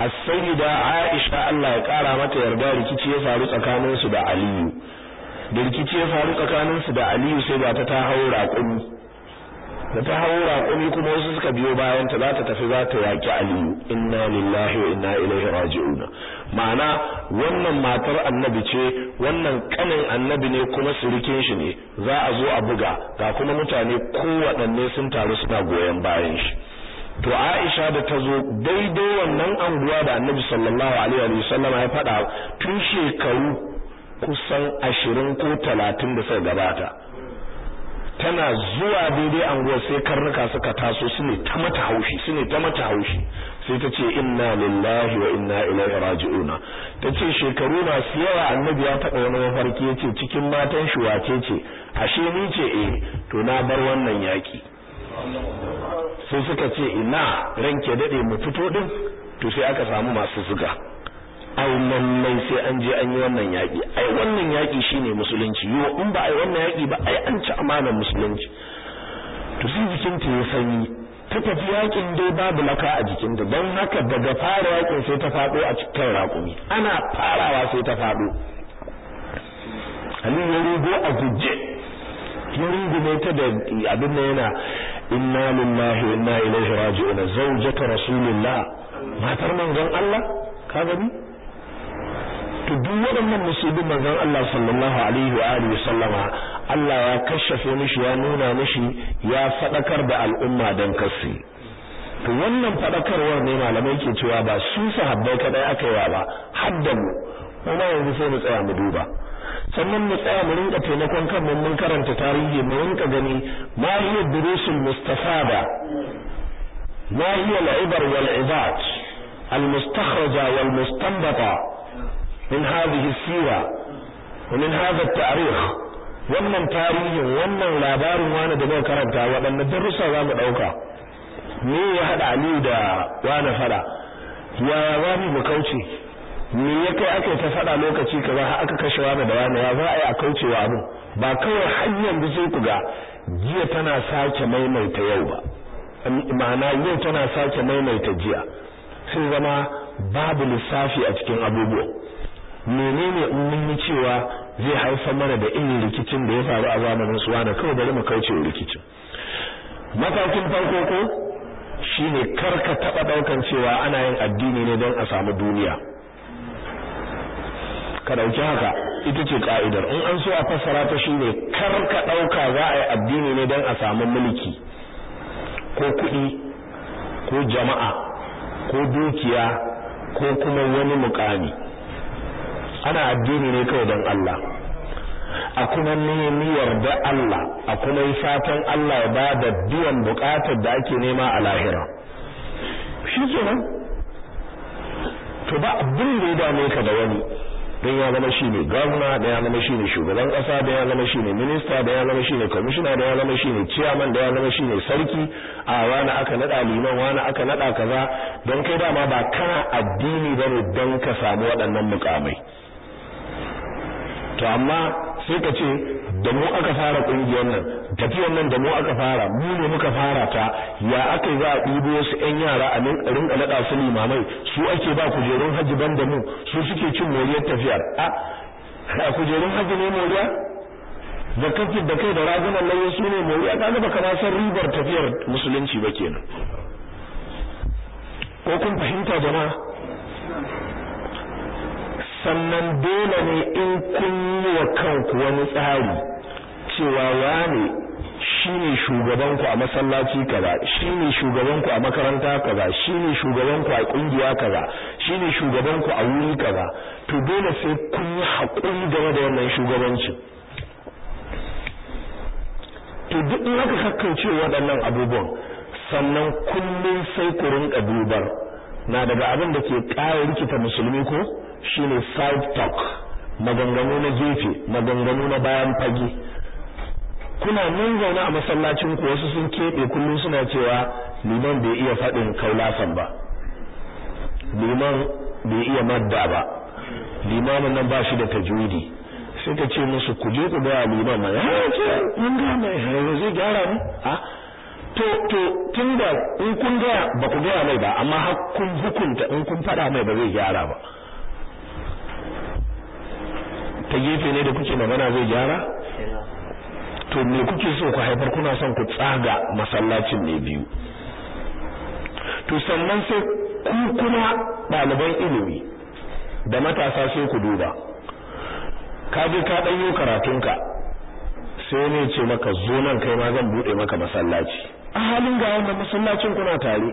as-sayyida Aisha Allah ya kara mata yarda rikici ya faru tsakanin su da Aliyu da rikici ya faru tsakanin su da Aliyu sai ba ta ta haura kuni da ta hau raƙumi kuma wasu suka biyo bayan ta za ta tafi za ta yaƙi aliyu inna lillahi wa inna ilaihi raji'una ma'ana wannan matar annabi ce wannan kanin annabi ne kuma surukin shi ne za a zo a buga ga kuma mutane kowaɗanne sun taru suna goyon bayan shi to Aisha da ta zo daidai wannan anguwa da annabi sallallahu alaihi wa sallama ya faɗa tun shekaru kusan ashirin ko talatin da suka gabata tana zuwa daidai anguwar sai karnuka suka taso su ne ta mata haushi su ne ta mata haushi sai ta ce inna lillahi wa inna ilaihi raji'una ta ce shekaru masu yawa annabi ya taɓa wani mafarki ya ce cikin matan shi wace ce ashe ni ce eh to na bar wannan yaƙi sai suka ce ina ranke daɗe mu fito ɗin to sai aka samu masu zuga ai lallai sai an je an yi wannan yaƙi ai wannan yaƙi shine musulunci yo in ba ai wannan yaƙi ba ai an ci amanan musulunci to sai jikinta ya sanyi ta tafi yaƙin dai babu laka a jikin jikinta don haka daga fara yaƙin sai ta faɗo a cikin raƙumi ana farawa sai ta faɗo Ali ya rugo a guje ya rungume ta da abin da yana inna lillahi wa inna ilaihi raji'un zawjatu rasulillah matar manzon Allah ka gani to duk waɗannan musibin manzon Allah sallallahu alaihi wa alihi sallama Allah ya kashafe mishi ya nuna mishi ya fadakar da al'umma dan kasi to wannan fadakarwar ne malamai ke cewa ba su sahabbai kadai aka yi ba hadda mu yanzu sai mu tsaya mu duba sannan mu tsaya mu rinka taimakon kanmu mun karanta tarihi mu rinka gani ma hiya durusul mustafada ma hiya al-ibar wal Ibad al-mustakhraja wal mustanbata من هذه السيرة ومن هذا التاريخ wannan tarihin wannan labarin wani da muka karanta waɗannan darussa za mu ɗauka me ya haɗa aliyu da wani fada ya za mu kauce me ya kai aka ta faɗa lokaci kaza har aka kashe wani da wani ya za a yi a kaucewa abin ba kawai har yanzu sai ku ga jiya tana sake maimaita yau ba ma'ana yau tana sake maimaita jiya sai zama babu lissafi a cikin abubuwa. menene in cewa zai haifar mana da irin rikicin da ya faru a zamanin su wani kawai bari mu kauce rikicin matakin farko ko shine kar ka taba daukan cewa ana yin addini ne don a samu duniya ka dauki haka ita ce ka'idar in an so a fassara ta shine kar ka dauka za a yi addini ne don a samu mulki ko kuɗi ko jama'a ko dukiya ko kuma wani mukami ana addini ne kawai don Allah a kuma niyyar yarda Allah a kuma yi fatan Allah ya ba da biyan bukatar da ake nema a lahira shi ke nan to ba abin da ya dame ka da wani don ya zama shi ne gwamna da ya zama shi ne shugaban kasa da ya zama shi ne minista da ya zama shi ne kwamishina da ya zama shi ne ciyaman da ya zama shi ne sarki a wani aka naɗa liman wani aka naɗa kaza don kai dama ba kana addini ba ne don ka samu waɗannan mukamai to amma sai ka ce da mu aka fara kungiyar nan tafiyar nan da mu aka fara mu ne muka fara ta ya aka yi za a ɗibo wasu ƴan yara a rinka naɗa su limamai su ake ba kujerun hajji ban da mu su suke cin moriyar tafiyar a kujerun hajji ne moriya da kafin da kai da ragunan nan su ne moriya ta baka kama san ribar tafiyar musulunci ba kenan ko kun fahimta jama'a sannan dole ne in kun yi wa kanku wani tsari cewa wane shine shugabanku a masallaci kaza shine shugabanku a makaranta kaza shine shugabanku a kungiya kaza shine shugabanku a wuri kaza to dole sai kun yi haƙuri game da wannan shugabanci. to duk in aka kakkauce waɗannan abubuwan sannan kullum sai ku rinka dubar na daga abin da ke ƙara rikita musulmi ko shine side talk maganganu na gefe maganganu na bayan fage kuna nan zaune a masallacin ku wasu sun keɓe kullum suna cewa liman bai iya faɗin kaulasan ba liman bai iya madda ba limamin nan ba shi da tajwidi sai ka ce musu ku je ku ga liman mai ya ce mun ga mai ha zai gyara ne ha ah, to to tunda in kun ga ba ku ga mai ba amma har kun hukunta in kun faɗa mai ba zai gyara ba ta gefe ne da kuke magana zai gyara to me kuke so ku haifar kuna son ku tsaga masallacin ne biyu to sannan sai ku kuma ɗaliban ilimi da matasa sai ku duba ka je ka ɗanyo karatunka sai ne ce maka zo nan kai ma zan buɗe maka masallaci a halin ga wannan masallacin kuna tare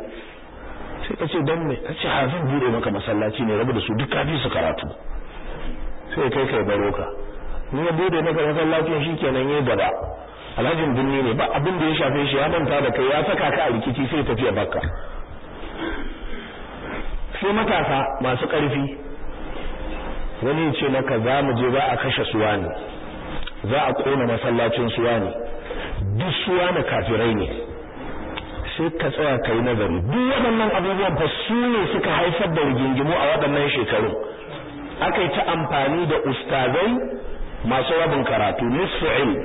sai ka ce don me ka ce ha zan buɗe maka masallaci ne rabu da su duk ka su karatu sai kai kai baro ka ni ya bude maka masallacin kenan yayi gaba alhajin birni ne ba abin da ya shafe shi ya manta da kai ya saka ka a rikici sai tafiya bakka sai matasa masu karfi wani ya ce maka za mu je za a kashe suwani. za a ƙona masallacin suwani. duk suwani kafirai ne sai ka tsaya kai nazari duk waɗannan abubuwan fa su ne suka haifar da rigingimu a waɗannan shekarun. aka yi ta amfani da ustazai masu rabin karatu nisfu ilm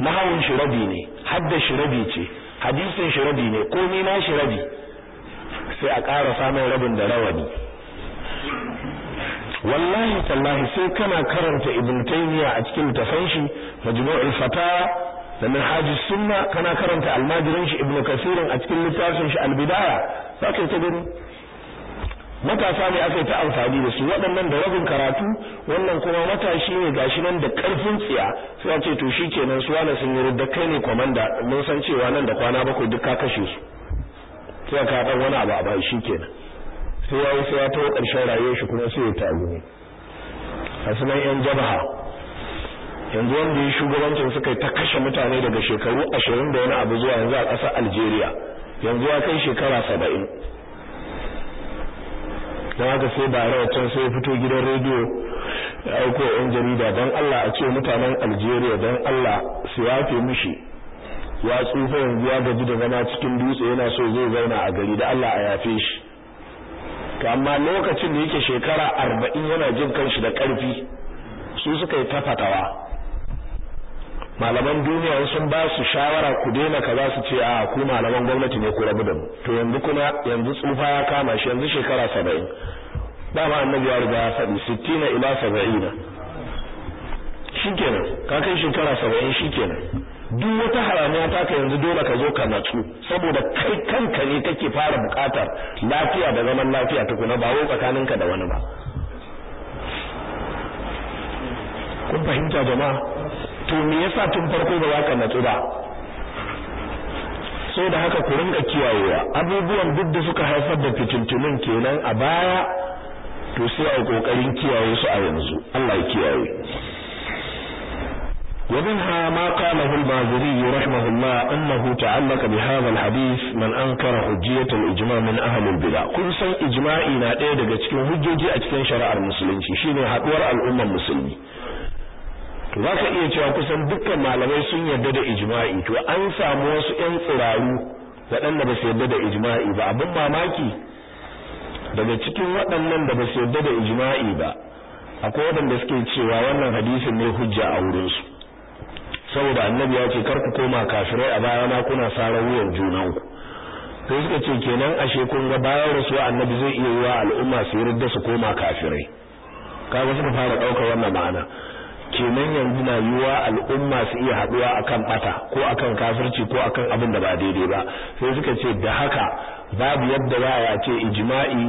nahawun shirabi ne hadda shirabi ce hadisin shirabi ne komai na shirabi sai a ƙara samun rabin da rawani wallahi tallahi sai kana karanta ibn taymiya a cikin tafanshi shi majmu'ul fatawa da manhaji sunna kana karanta almajirin shi ibn kasirin a cikin littafin shi albidaya zaka ta gani matasa ne aka yi ta amfani da su waɗannan da rabin karatu wannan kuma matashi ne gashi nan da ƙarfin tsiya sai a ce to shi kenan su wani sun yi da kai ne kwamanda mun san cewa nan da kwana bakwai duk ka kashe su sai ka ɗan wani abu a bai shi kenan sai ya sai ya tawo ƙarshen rayuwar shi kuma sai ya taru ne a sunan yan jabaha yanzu wanda ya shugabancin suka ta kashe mutane daga shekaru ashirin da wani abu zuwa yanzu a ƙasar algeria yanzu ya kai shekara saba'in don haka sai ba can sai ya fito gidan rediyo ya aiko yan jarida don Allah a ce mutanen Algeria don Allah su yafe mishi ya tsufa yanzu ya gaji da zama cikin dutse yana so zai zauna a gari da Allah a yafe shi amma lokacin da yake shekara arba'in yana jin kanshi da ƙarfi su suka yi tafatawa malaman duniya sun ba su shawara ku daina kaza su ce a ku malaman gwamnati ne ku rabu da mu to yanzu kuma yanzu tsufa ya kama shi yanzu shekara saba'in dama annabi ya riga ya faɗi 60 ila saba'ina shikenan ka kai shekara saba'in shikenan duk wata haramiya ka yanzu dole ka zo ka natsu saboda kai kanka ne kake fara bukatar lafiya da zaman lafiya tukuna ba wai tsakaninka da wani ba kun fahimta jama'a to me yasa tun farko ba za ka natsu so da haka ku rinka kiyayewa abubuwan duk da suka haifar da fitintunin kenan a baya to sai a kokarin kiyaye su a yanzu Allah ya kiyaye ومنها ما قاله bi رحمه الله أنه تعلق بهذا الحديث من أنكر حجية الإجماع من أهل البدع كل سن na نادي daga cikin hujjoji a cikin shari'ar musulunci shine haduwar al'ummar musulmi to za ka iya cewa kusan dukkan malamai sun yarda da ijma'i to an samu wasu 'yan tsiraru waɗanda ba su yarda da ijma'i ba abin mamaki daga cikin waɗannan da ba su yarda da ijma'i ba akwai waɗanda suke cewa wannan hadisin ne hujja a wurinsu saboda annabi ya ce kar ku koma kafirai a baya na kuna sarar wuyan ku. sai suka ce kenan ashe kun ga bayan rasuwa annabi zai iya yi wa al'umma su yarda su koma kafirai kaga suka fara ɗaukar wannan ma'ana kenan yanzu na yiwa al'umma su iya haduwa akan bata ko akan kafirci ko akan abin da ba daidai ba sai suka ce da haka babu yadda za a ce ijma'i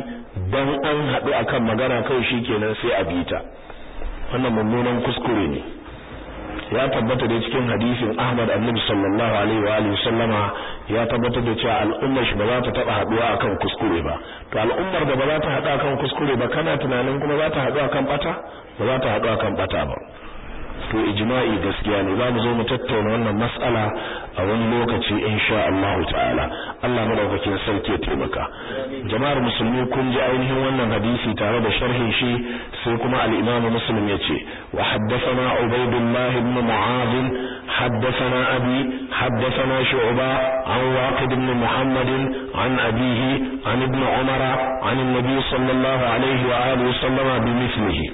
dan an haɗu akan magana kawai kenan sai a bita wannan mummunan kuskure ne ya tabbata da cikin hadisin Ahmad Annabi sallallahu alaihi wa alihi sallama ya tabbata da cewa al'ummar shi ba za ta taba haduwa akan kuskure ba to al'ummar da ba za ta hadu akan kuskure ba kana tunanin kuma za ta hadu akan bata ba za ta hadu akan bata ba to ijma'i gaskiya ne zamu zo mu tattauna wannan mas'ala a wani lokaci insha Allah ta'ala Allah madaukakin sarki ya taimaka jama'ar musulmi kun ji ainihin wannan hadisi tare da sharhin shi sai kuma al-Imam Muslim yace wa haddathana Ubaydullah ibn Mu'adh haddathana abi haddathana Shu'ba an Waqid ibn Muhammad an abihi an ibn Umar an an-nabi sallallahu alaihi wa alihi wa sallama bi mithlihi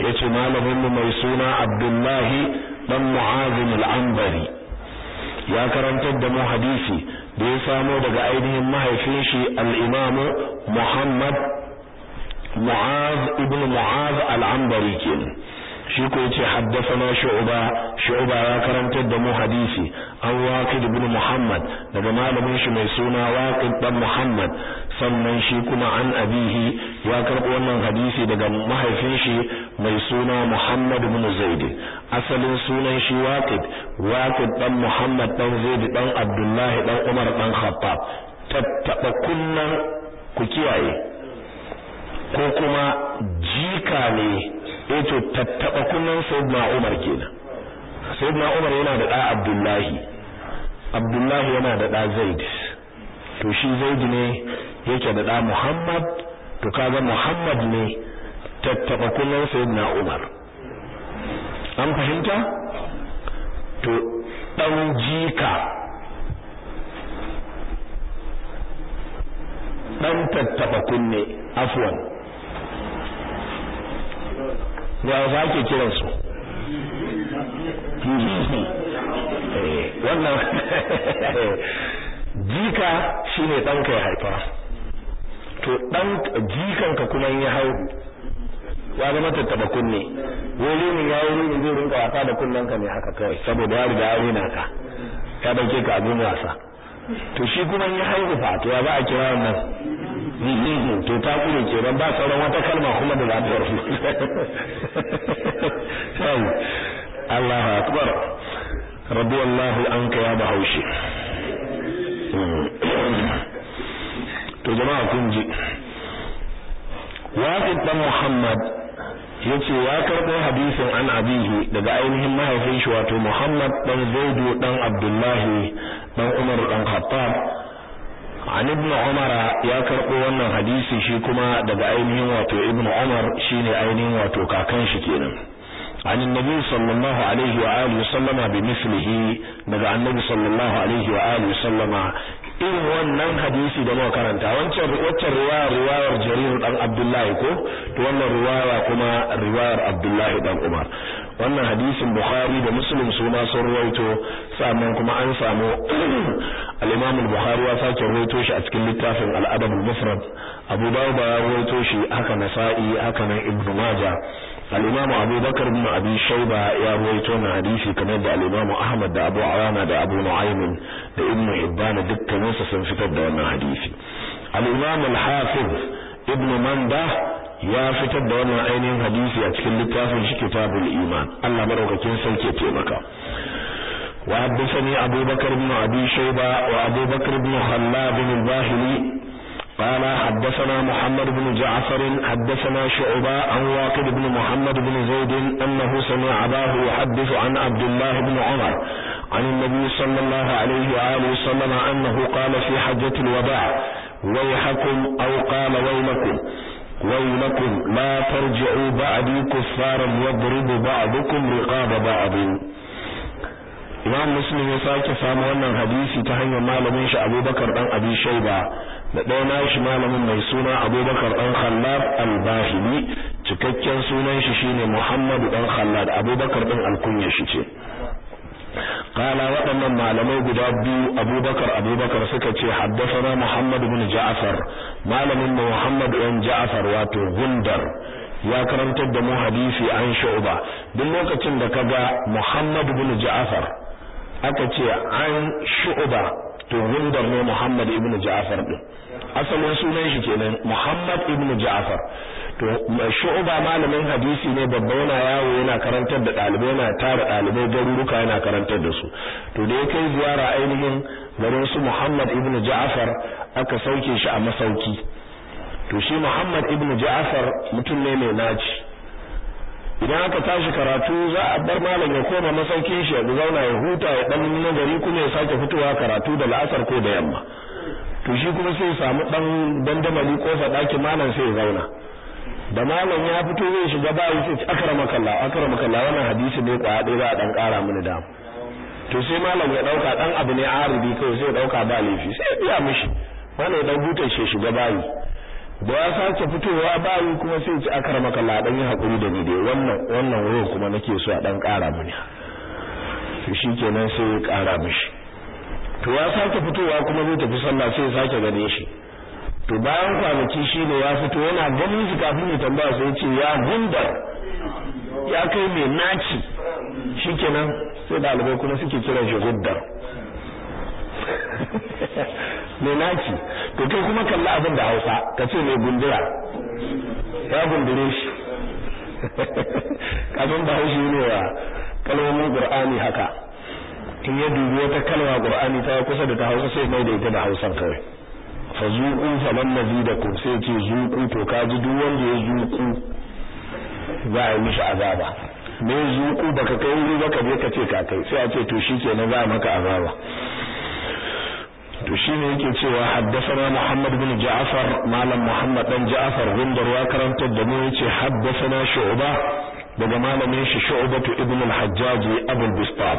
yace malamin mu mai suna Abdullahi dan Mu'azim al ya karantar da mu hadisi da ya samo daga ainihin mahaifin shi al Muhammad Mu'az ibn Mu'az al-Anbari kenan shi ko yace haddasa shu'ba shu'ba ya karantar da mu hadisi an waqid ibn muhammad daga malamin shi mai suna waqid dan muhammad sannan shi kuma an abihi ya karbo wannan hadisi daga mahaifin shi mai suna Muhammad bin Zaid asalin sunan shi Waqid Waqid dan Muhammad dan Zaid dan Abdullah dan Umar dan Khattab tattaba kunnan ku kiyaye ko kuma jika ne eh to tattaba kunnan Sayyidina Umar kenan Sayyidina Umar yana da da Abdullahi Abdullahi yana da da Zaid to shi Zaid ne yake da da Muhammad to kaga Muhammad ne tattaba kullum sayyidina Umar an fahimta to dan jika dan tattaba kunne afwan ya za ke kiran su [laughs] eh, wannan [laughs] jika shine dan kai haifa to dan jikanka kuma ya haihu ya zama tattaba kunne wani ne ya wuri in zai rinka wasa da kunnen ka ne haka kawai saboda ya riga ya rena ka ya dauke ka abin wasa to shi kuma ya haihu fa to ya za a kira wannan to ta kure kenan ba sauran wata kalma kuma da za ta warfu Allahu akbar rabbi an anka ya bahaushe to jama'a kun ji Wafiq dan Muhammad yace ya karbo hadisin an abihi daga ainihin mahaifin shi wato Muhammad dan Zaidu dan Abdullahi dan Umar dan Khattab an ibn Umar ya karbo wannan hadisi shi kuma daga ainihin wato ibn Umar shine ainihin wato kakan shi kenan عن النبي صلى الله عليه وآله وسلم بمثله دغ النبي صلى الله عليه وآله وسلم irin wannan hadisi da muka karanta wancan wancan riwaya riwayar Jarir dan Abdullahi ko to wannan riwaya kuma riwayar Abdullahi dan Umar wannan hadisin Bukhari da Muslim su ma sun rawaito sannan kuma an samu [clears throat] al-Imam al-Bukhari ya sake rawaito shi a cikin littafin al-Adab al-Mufrad Abu Dawud ya rawaito shi haka Nasa'i haka nan Ibn Majah al-imam abu bakar bin abi shayba ya rawaito wannan hadisi kamar da al-imam ahmad da abu awana da abu nu'aym da ibnu hibban dukkanin su sun fitar da wannan hadisi al-imam al-hafiz ibnu manda ya fitar da wannan ainihin hadisi a cikin littafin shi kitabul iman Allah madaukakin sarki ya taimaka وحدثني أبو بكر بن أبي شيبة وأبو بكر بن خلاب الباهلي قال حدثنا محمد بن جعفر حدثنا شعباء عن واقد بن محمد بن زيد أنه سمع أباه يحدث عن عبد الله بن عمر عن النبي صلى الله عليه وآله وسلم أنه قال في حجة الوداع ويحكم أو قال ويلكم ويلكم لا ترجعوا بعدي كفارا يضرب بعضكم رقاب بعض imam muslim ya sake samu wannan hadisi ta hanyar malamin shi abubakar dan abi shaiba da ɗaya nashi malamin mai suna abubakar dan khallad al cikakken sunan shi shine muhammadu dan khallad abubakar din alkunya shi ce قال waɗannan malamai guda biyu abubakar abubakar suka ce haddasana muhammad bin ja'far malamin muhammad bin ja'far wato gundar ya karantar da mu hadisi an shu'ba duk lokacin da ka ga muhammad bin ja'far aka ce an shu'uba to gundar ne Muhammad ibn Ja'far din asalin sunan shi kenan Muhammad ibn Ja'far to shu'uba malamin hadisi ne babba yana yawo yana karantar da dalibai yana tara dalibai garuruka yana karantar da su to da ya kai ziyara ainihin garin su Muhammad ibn Ja'far aka sauke shi a masauki to shi Muhammad ibn Ja'far mutum ne mai naci idan aka tashi karatu za a bar malam ya koma masaukin shi ya zauna ya huta ya dan nagari kuma ya sake fitowa karatu da la'asar ko da yamma to shi kuma sai ya samu dan dandamali kofa ɗakin malam sai ya zauna da malam ya fito zai shiga bayi sai akara makalla akara makalla wannan hadisi ne kwaya ɗaya za a dan ƙara mini da to sai malam ya ɗauka ɗan abu ne aridi kai sai ya dauka ba laifi sai ya biya mishi wannan ya dan hutar shi shiga bayi da ya sake fitowa bayi kuma sai ci akar maka ladan ya hakuri da ni dai wannan wannan kuma nake so a dan kara mini shi kenan sai ya kara mishi to ya sake fitowa kuma zai tafi sallah sai ya sake gane shi to bayan kwanaki shi ne ya fito yana ganin shi kafin ya tambaya sai ya ce ya gundar ya kai mai naci shikenan sai dalibai kuma suke kiran shi [laughs] mai naki to kai kuma kalli abin da hausa ka ce mai gundura ya gundure shi [laughs] kafin da haushi ne wa kalmomin qur'ani haka in ya dubi wata kalma qur'ani ta kusa da ta hausa sai mai da ita da hausan kawai fa zuqu da ku sai ce zuqu to ji duk wanda ya zuqu za a yi mishi azaba me zuqu baka kai wuri baka je ka ce ka kai sai a ce to shikenan za a maka azaba to shi ne yake cewa haddasana Muhammad bin Ja'far malam Muhammad dan Ja'far gundar wa karanta da mu yace haddasana Shu'ba daga malamin shi Shu'ba ibn al-Hajjaj Abu al-Bistam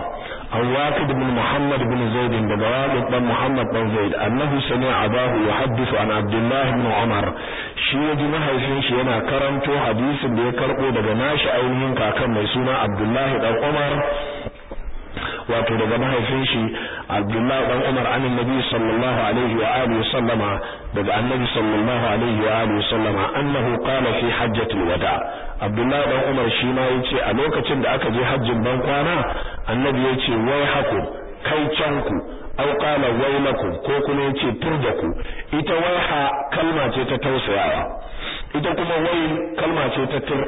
an Waqid bin Muhammad bin Zaid daga Waqid dan Muhammad dan Zaid annahu sami'a abahu yuhaddithu an Abdullah ibn Umar shi yaji mahaifin shi yana karanto hadisin da ya karbo daga nashi ainihin kakan mai suna Abdullah dan Umar wato daga mahaifin shi Abdullahi dan Umar anin Nabi sallallahu alaihi wa alihi sallama daga Annabi sallallahu alaihi wa alihi sallama annahu qala fi wada Abdullahi dan Umar shi ma yace a lokacin da aka je hajjin ban kwana Annabi yace wai haku kai canku aw qala wailakum ko kuma yace turjaku ita waiha kalma ce ta tausayawa ita kuma wai kalma ce ta tur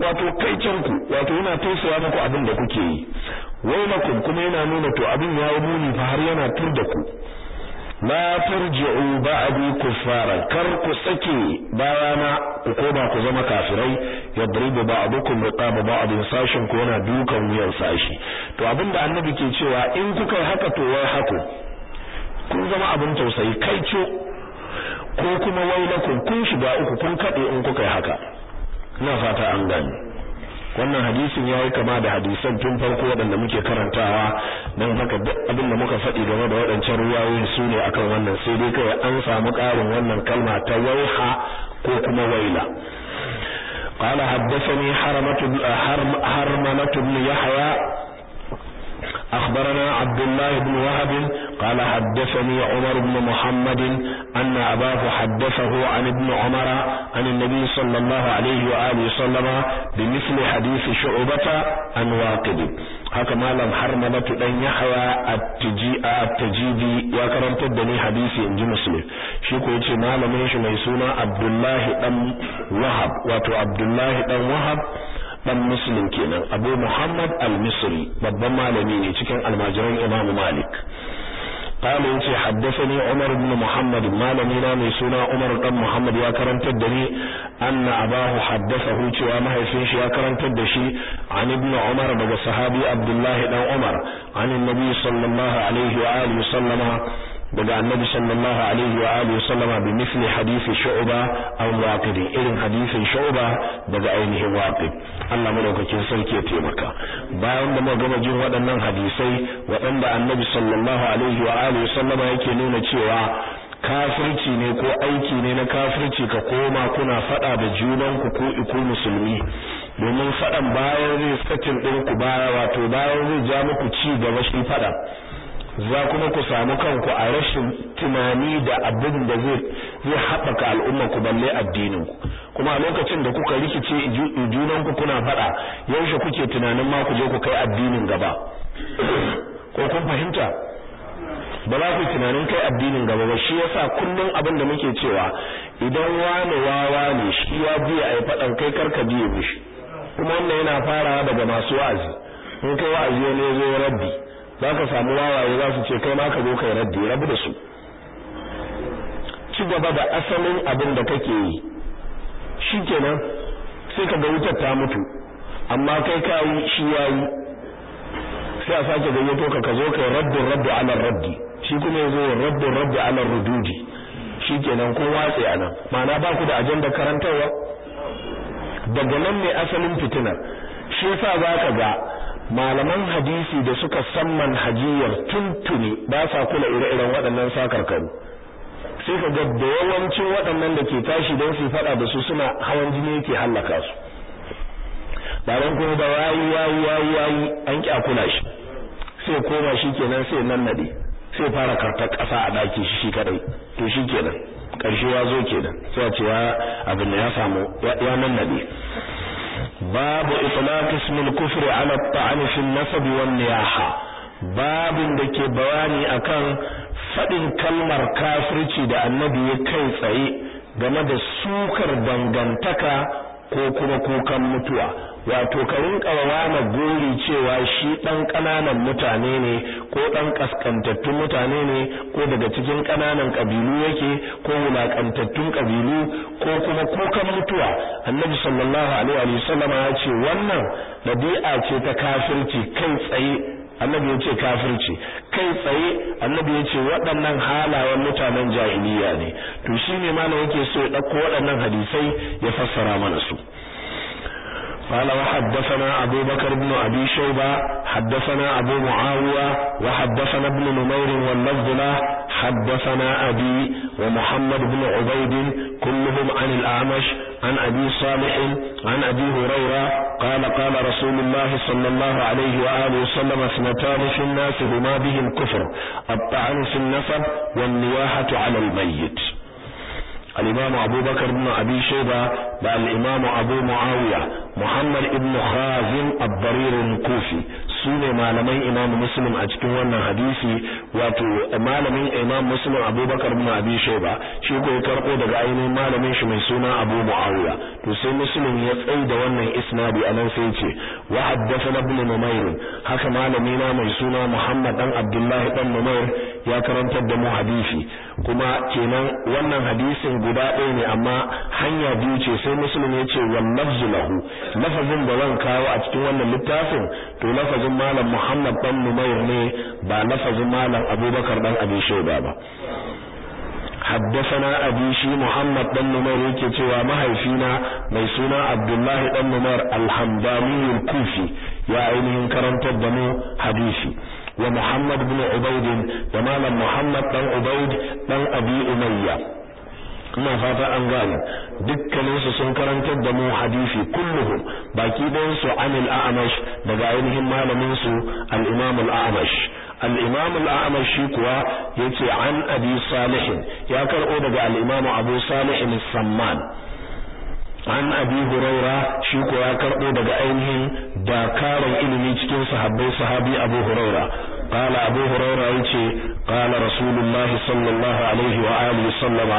wato kaicinku wato yana tausaya muku abin da kuke yi kun kuma yana nuna to abin ya yi muni fa har yana tur da ku la tarji'u ba'di kuffara kar ku sake bayana ku koma ku zama kafirai yadribu ba'dukum riqaba ba'din sashin ku yana dukan wuyan sashi to abin da annabi ke cewa in kuka haka to wai haku kun zama abin tausayi kaico ko kuma wailakum kun shiga uku kun kade in kuka haka ina fata an gani wannan hadisin ya yi kama da hadisan tun farko waɗanda muke karantawa don haka duk abin da muka faɗi game da waɗancan ruwayoyin su ne akan wannan sai dai kawai an samu ƙarin wannan kalma ta waiha ko kuma waila قال حدثني حرمة حرمنة بن يحيى أخبرنا عبد الله بن وهب قال حدثني عمر بن محمد أن أباه حدثه عن ابن عمر عن النبي صلى الله عليه وآله وسلم بمثل حديث شعبة عن واقد haka malam har malatu dan yahaya at-tajidi ya karantar da ni hadisi inji muslim shi ko yace malamin shi mai suna abdullahi dan wahab wato abdullahi dan wahab dan muslim kenan abu muhammad al-misri babban malami ne cikin almajiran imamu malik قال يتي حدثني عمر بن محمد ما لمينا من سنة عمر بن محمد يا كرم تدني أن أباه حدثه تيوى ما يفيش يا كرم تدشي عن ابن عمر بن صحابي عبد الله بن عمر عن النبي صلى الله عليه وآله وسلم daga annabi sallallahu alaihi wa alihi sallama bi misli hadisi shu'ba aw waqidi irin hadisin shu'ba daga ainihin waqid Allah madaukakin sarki ya taimaka bayan da muka gama jin waɗannan hadisai waɗanda annabi sallallahu alaihi wa alihi sallama yake nuna cewa kafirci ne ko aiki ne na kafirci ka koma kuna faɗa da junanku ko iko musulmi domin faɗan bayan zai sakin ɗinku baya wato bayan zai ja muku ci gaba shi faɗa za kuma ku samu kanku a rashin tunani da abin da zai haɓaka al'umma ku balle addininku kuma a lokacin da kuka rikice junan kuna faɗa yaushe kuke tunanin ma ku je ku kai addinin gaba ko kun fahimta ba za ku tunanin kai addinin gaba ba shi yasa kullum abin da muke cewa idan wani wawa ne shi ya biya yi faɗan kai kar ka biye mishi kuma wannan yana farawa daga masu wa'azi in kai wa'azi ne zo rabbi za ka samu wawaye za su ce kai ma ka zo kai raddi rabu da su ci gaba da asalin abin da kake yi shi kenan sai ka ga wutar ta mutu amma kai ka yi shi ya yi sai a sake gayyato ka ka zo kai raddin raddu ala raddi shi kuma ya zo raddin raddu ala rududi shi kenan ko watsi a nan ma'ana ba ku da ajanda karantarwa daga nan ne asalin fitinar shi yasa za ka ga malaman hadisi da suka san manhajiyar tuntuni ba sa kula ire-iren waɗannan sakarkaru sai ka ga da yawancin waɗannan da ke tashi don su faɗa da su suna hawan jini yake hallaka su ba don kuma ba wayi wayi wayi wayi an ƙya kula shi sai koma shi kenan sai nan nade sai fara karta ƙasa a daki shi shi kaɗai to shi kenan karshe ya zo kenan sai a abin da ya samu ya nan nade باب إطلاق اسم الكفر على الطعن في النسب والنياحة babin da ke bayani akan faɗin kalmar kafirci da annabi ya kai tsaye game da sukar dangantaka ko kuma kukan mutuwa wato ka rinka wani gori cewa shi ɗan ƙananan mutane ne ko dan kaskantattun mutane ne ko daga cikin kananan kabilu yake ko wulaƙantattun ƙabilu ko kuma kukan mutuwa annabi sallallahu alaihi wa sallama ya ce wannan dabi'a ce ta kafirci kai tsaye annabi ya ce kafirci kai tsaye annabi ya ce waɗannan halayen mutanen jahiliya ne to shi ne malam yake so ya ɗauko waɗannan hadisai ya fassara mana su قال وحدثنا أبو بكر بن أبي شيبة حدثنا أبو معاوية وحدثنا ابن نمير واللفظ له حدثنا أبي ومحمد بن عبيد كلهم عن الأعمش عن أبي صالح عن أبي هريرة قال قال رسول الله صلى الله عليه وآله وسلم اثنتان في الناس هما بهم كفر الطعن في النسب والنياحة على الميت الإمام أبو بكر بن أبي شيبة الإمام أبو معاوية محمد بن خازم الضرير الكوفي su ne malaman imam muslim a cikin wannan hadisi wato malamin imam muslim abubakar ibn abi shayba shi ko karko daga ainihin malamin shi mai suna abu muawiya to sai muslim ya tsai da wannan isnadi nan sai ce wa haddathana ibn numair haka malami na mai suna muhammad dan abdullahi dan numair ya karantar da mu hadisi kuma kenan wannan hadisin guda ɗaya ne amma hanya biyu ce sai muslim ya ce wallahu lahu lafazin da zan kawo a cikin wannan littafin to lafazin malam Muhammad dan Numayr ne ba lafazin mallam Abubakar dan Abi ba ba haddathana abi shi Muhammad dan Numayr yake cewa mahaifina mai suna abdullahi dan Numayr al-Hamdani ya ainihin karantar da mu hadisi wa Muhammad ibn ubaidi da malam Muhammad dan Ubayd dan Abi Umayya ina fata an gane dukkanin su sun karantar da mu hadisi kulluhum baki ɗayan su anil a'mash daga ainihin malamin su al-imam al-a'mash al-imam al-a'mash shi kuwa yace an abi salih ya karbo daga al-imam abu salih al-samman an abi huraira shi kuwa ya karɓo daga ainihin dakaran ilimi cikin sahabbai sahabi abu huraira قال أبو هريرة يتي قال رسول الله صلى الله عليه وآله وسلم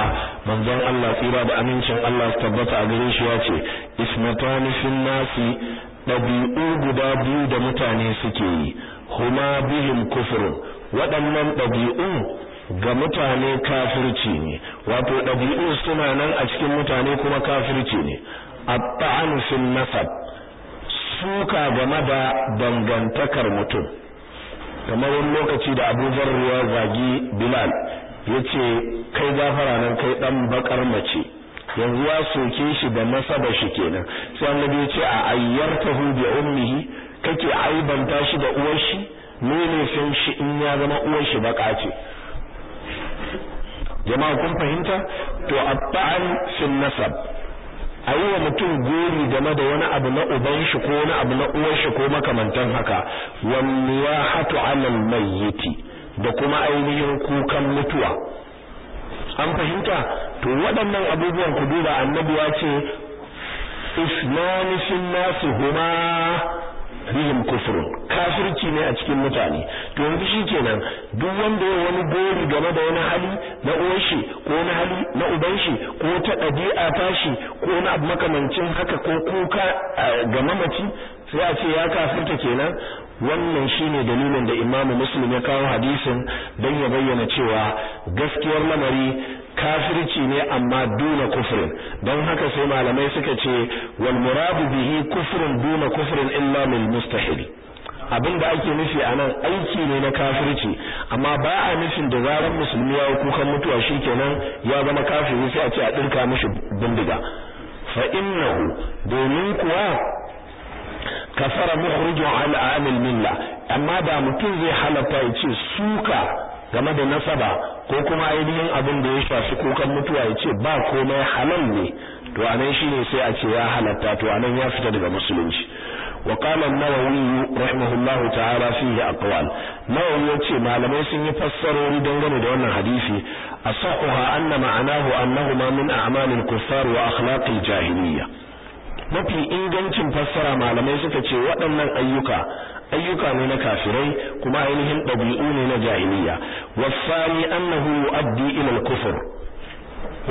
من ظن الله إراد أمين شن الله استبت أغريش يتي اسمتان في الناس ɗabi'u guda biyu da mutane suke yi huma bihim kufrun waɗannan ɗabi'u ga mutane kafirci ne wato ɗabi'u suna nan a cikin mutane kuma kafirci ne a taanu nasab suka game da dangantakar mutum kamar wani lokaci da abubuwan ruwa zagi Bilal ce kai gafara nan kai dan bakar mace yanzu ya soke shi da nasaba shi kenan sai annabi ya ce a ayyartahu bi ummihi kake aibanta shi da uwar shi ne san shi in ya zama uwar shi baka ce jama'a kun fahimta to abba'an fil nasab a yi wa mutum gori game da wani abu na uban shi ko wani abu na uwan shi ko makamantan haka wani ya hatu alal mayyiti da kuma ainihin kukan mutuwa an fahimta to waɗannan abubuwan ku duba annabi ya ce ismani sun nasu huma bihim kufrun kafirci ne a cikin mutane to yanzu kenan duk wanda ya wani gori game da wani hali na uwanshi ko na hali na ubanshi ko ta ɗabi'a tashi ko na abu makamancin haka ko kuka ga mamaci sai a ce ya kafirta kenan wannan shine dalilin da imamu muslim ya kawo hadisin don ya bayyana cewa gaskiyar lamari kafirci ne amma duna kufrin don haka sai malamai suka ce wal muradu bihi kufrun duna kufrin illa lil mustahil abin da ake nufi a nan aiki ne na kafirci amma ba a nufin da zarar musulmi ya yi kukan mutuwa kenan ya zama kafiri sai a ce a ɗirka mishi bindiga fa innahu domin kuwa kafara mukhrijun ala amil milla amma da mutum zai halatta ya ce suka game da nasaba ko kuma ainihin abin da ya shafi kukan mutuwa ya ce ba komai halal ne to anan shine sai a ce ya halatta to anan ya fita daga musulunci wa qala an-nawawi rahimahullahu ta'ala fihi aqwal nawawi yace malamai sun yi fassarori dangane da wannan hadisi asahuha anna ma'anahu annahuma min a'malil kuffar wa akhlaqil jahiliyya mafi ingancin fassara malamai suka ce waɗannan ayyuka ayyuka ne na kafirai kuma ainihin ɗabi'u ne na jahiliya wasani annahu yu'addi ila al-kufr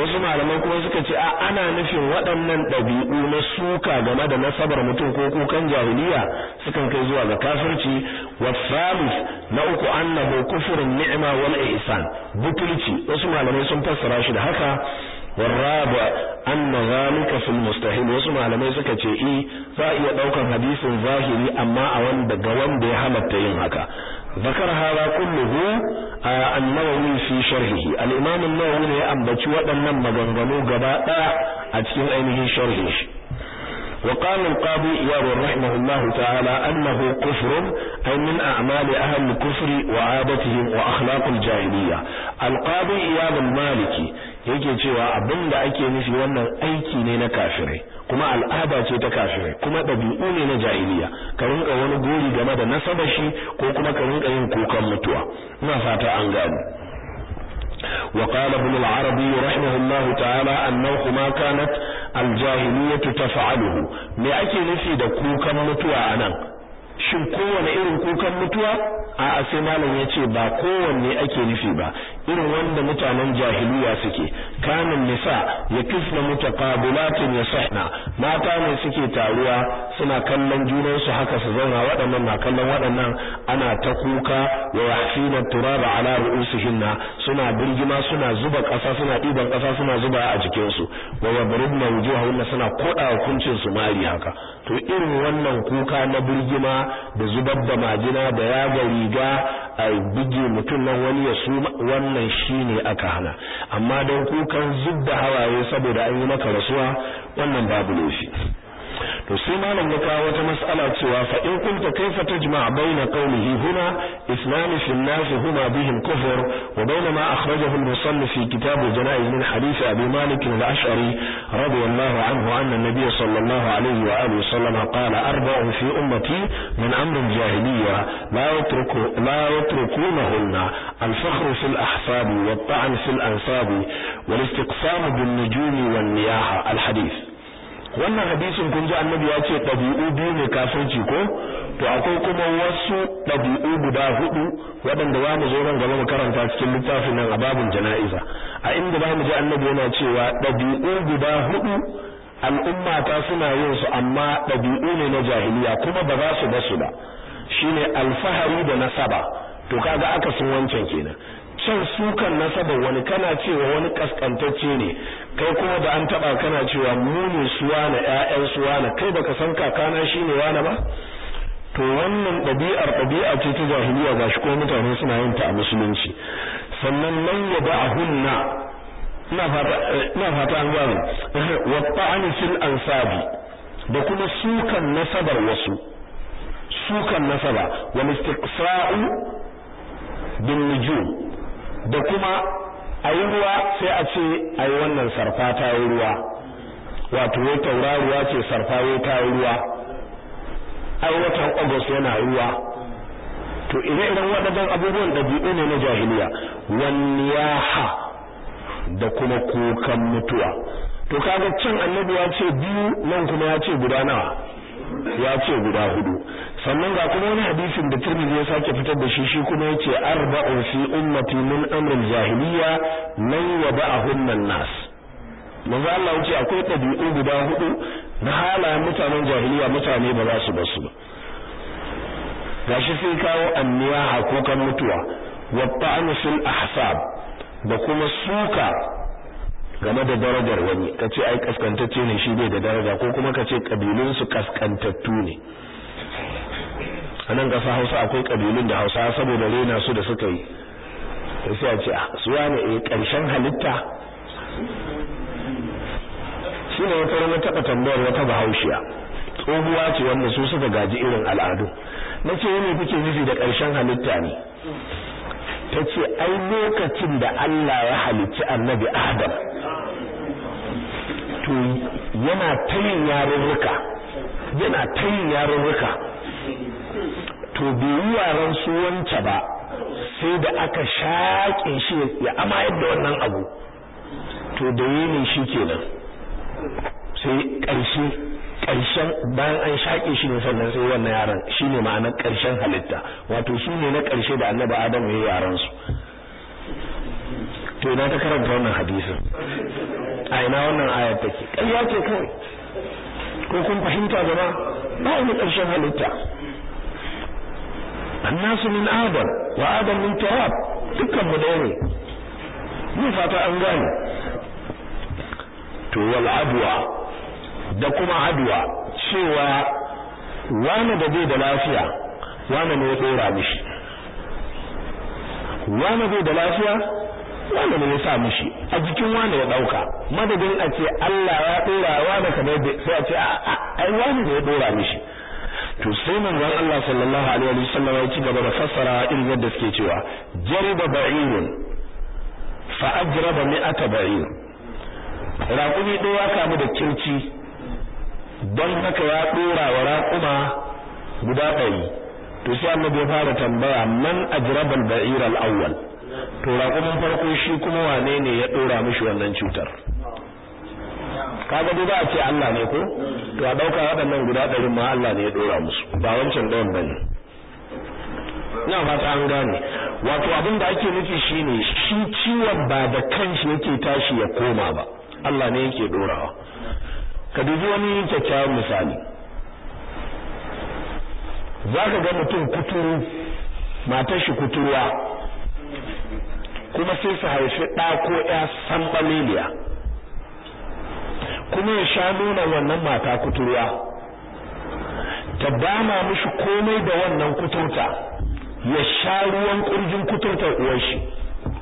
wasu malaman kuma suka ce a ana nufin waɗannan ɗabi'u na suka game da nasabar mutum ko kukan jahiliya sukan kai zuwa ga kafirci wasalif na uku annahu kufrun ni'ma wal ihsan butulci wasu malamai sun fassara shi da haka warraba anna zalika fil mustahil wasu malamai suka ce i za iya ɗaukar hadisin zahiri amma a wanda ga wanda ya halatta yin haka ذكر هذا كله النووي في شرحه الإمام النووي ne ya ambaci waɗannan maganganu gaba ɗaya a cikin ainihin sharhi shi وقال القاضي إياب رحمه الله تعالى أنه كفر أي من أعمال أهل الكفر وعادتهم وأخلاق الجاهلية القاضي إياب المالكي yake cewa abin da ake nufi wannan aiki ne na kafirai kuma al'ada ce ta kafirai kuma ɗabi'u ne na jahiliya ka rinka wani gori game da nasaba shi ko kuma ka rinka yin kukan mutuwa ina fata an gano وقال ابن العربي رحمه الله تعالى أنه ما كانت الجاهلية تفعله ما أكي نفي دا كوكا shin kowane irin kukan mutuwa a sai malam ya ce ba kowanne ake nufi ba irin wanda mutanen jahiliya suke kanin nisa ya kisna mutaqabilatin ya sahna mata ne suke taruwa suna kallon junan su haka su zauna waɗannan na kallon waɗannan ana ta kuka wa yahsina turaba ala hinna suna birgima suna zuba ƙasa suna ɗiban ƙasa suna zuba a jikin su wa yadrubna wujuhahunna suna koɗa kuncin su mari haka to irin wannan kuka na birgima da zubar da majina da yaga riga a buge mutum nan wani ya suma wannan shi ne aka hana amma don kukan zub da hawaye saboda an yi maka rasuwa wannan babu laifi to sai malam ya kawo wata mas'ala cewa fa in kunta kaifa tajma' baina qawlihi huna isnan fil nas huma bihim kufr wa baina ma akhrajahu al-musannif fi kitab al-janaiz min hadith abi malik al-ash'ari radiyallahu anhu anna an-nabiy sallallahu alayhi wa alihi wa sallam qala arba'un fi ummati min amr al-jahiliyya la yatruku la yatrukunahunna al fakhru fi al-ahsab wa at-ta'n fi al-ansab wal-istiqsam bin-nujum wan-niyaha al-hadith wannan hadisin kun ji annabi ya ce ɗabi'u biyu ne kafirci ko to akwai kuma wasu ɗabi'u guda hudu waɗanda za mu zo nan gaba mu karanta cikin littafin nan a babin jana'iza a inda za mu ji annabi yana cewa ɗabi'u guda hudu al'umma ta suna yin su amma ɗabi'u ne na jahiliya kuma ba za su ba su ba shine alfahari da nasaba to kaga aka sun wancan kenan can sukan nasabar wani kana cewa wani kaskantacce ne kai kuma da an taba kana cewa muni suwa na ƴaƴan suwa na kai baka san kakana ne wani ba to wannan ɗabi'ar ɗabi'a ce ta jahiliya shi ko mutane suna yin ta a musulunci sannan man yada'hunna ina fata ina fata an gane [laughs] wa ta'ani fil ansabi da kuma sukan nasabar wasu sukan nasaba wal istiqsa'u bin nujum da kuma a yi ruwa sai a ce a yi wannan sarfa ta yi ruwa wato taura ruwa ce sarfa ya ta yi ruwa ai watan agus yana ruwa to ire iran waɗannan abubuwan ɗabi'u ne na jahiliya wani ha da kuma kukan mutuwa to kaga can annabi ya ce biyu nan kuma ya ce guda nawa ya ce guda hudu sannan ga kuma wani hadisin da Tirmidhi ya sake fitar da shi shi kuma yace arba'u fi ummati min amril jahiliya man a an-nas manzo Allah yace akwai ɗabi'u guda hudu na halayen mutanen jahiliya mutane ba za su ba su ba gashi sai kawo a kukan mutuwa wa ta'anu fil ahsab da kuma suka game da darajar wani kace ai kaskantacce ne shi bai da daraja ko kuma kace kabilun su kaskantattu ne a nan gasa hausa akwai ƙabilun da hausa saboda rena su da suka yi sai a ce a ah, ne eh, ƙarshen halitta shi ne wata rana taɓa tambayar wata bahaushiya tsohuwa ce wanda su suka gaji irin al'adu na ce wani kuke nufi da ƙarshen halitta ne ta ce ai lokacin da Allah ya halicci annabi Adam to yana ta yin yarurruka yana ta yin yarurruka to bai yi yaran su wance ba sai da aka shaƙe shi ya ama yadda wannan abu to da yi ne shi kenan sai ƙarshe ƙarshen bayan an shaƙe shi ne sannan sai wannan yaran shi ne ma'anar ƙarshen halitta wato shi ne na ƙarshe da annabi adam ya yi yaran su to ina ta karanta wannan hadisin a ina wannan ayar take ƙarya ce kawai ko kun fahimta zama? ba wani ƙarshen halitta annasu min adam wa adam min turab dukkan mu dai ne mun fata an gane to wal da kuma adwa cewa wani da bai da lafiya wani ne ya dora mishi wani bai da lafiya wani ne ya sa mishi a jikin wani ya dauka madadin a ce Allah ya dora wani kamar sai a ce wani ne ya dora mishi to sai manzon Allah sallallahu alaihi wa sallam ya ci gaba da fassara irin yadda suke cewa jariba ba'irun fa ajraba mi'ata ba'ir raƙumi ɗaya ya kamu da kirci don haka ya ɗora wa raƙuma guda ɗari to sai annabi ya fara tambaya man ajrabal ba'ir al-awwal to raƙumin farko shi kuma wane ne ya ɗora mishi wannan cutar kaga dai ba a ce Allah ne ko to a dauka waɗannan guda ɗarin ma Allah ne ya dora musu ba wancan ɗayan ne. na fata an gane wato abin da ake nufi shine shi ciwon ba da kanshi yake tashi ya koma ba Allah ne yake dorawa ka dubi wani kyakkyawan misali za ka ga mutum kuturu matar shi kuturuwa kuma sai su haifi ɗa ko ya san ɓaliliya kuma ya sha nuna wannan mata kuturwa ta dama mishi komai da wannan kuturta ya sha ruwan kurjin kuturtar uwar shi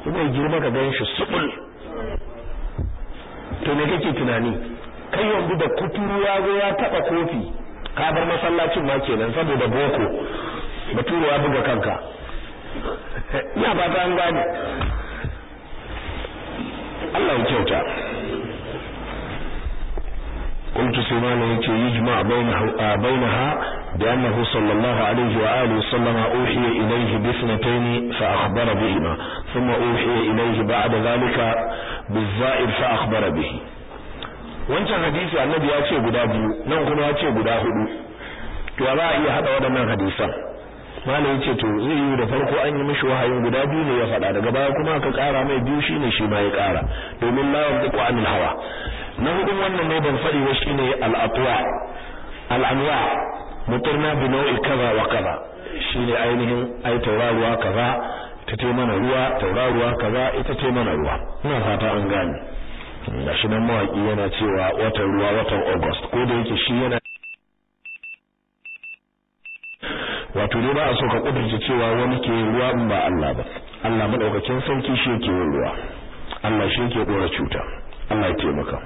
kuma girma ka gan shi subul to me kake tunani kai yanzu da kuturwa zo ya taba kofi kabar masallacin ma kenan saboda boko baturuwa buga kanka ina ba ta an gane Allah ya kyauta qultu sai malam yace yujma bainahu bainaha bi annahu sallallahu alaihi wa alihi wa sallama uhiya ilayhi bi ithnatayn fa akhbara bihima thumma uhiya ilayhi ba'da dhalika bizaid fa akhbara bihi wancan hadisi annabi ya ce guda biyu nan kuma ce guda hudu to za a iya hada waɗannan hadisan malam ce to zai yi da farko an yi mishi wahayin guda biyu ne ya faɗa daga baya kuma aka kara mai biyu shine shi ya ƙara domin la yantiqu hawa na hudun wannan ne ban faɗi wa shine al-atwa al-anwa mutarna bi nau'i kaza wa kaza shine ainihin ai tauraruwa kaza ita ce mana ruwa tauraruwa kaza ita ce mana ruwa ina fata an gane shi nan mawaki yana cewa watan ruwa watan August ko da yake shi yana wato ne ba a so ka kudurce cewa wani ke ruwa in ba Allah ba Allah madaukakin sarki shi yake ruwa Allah shi yake dora cuta Allah ya taimaka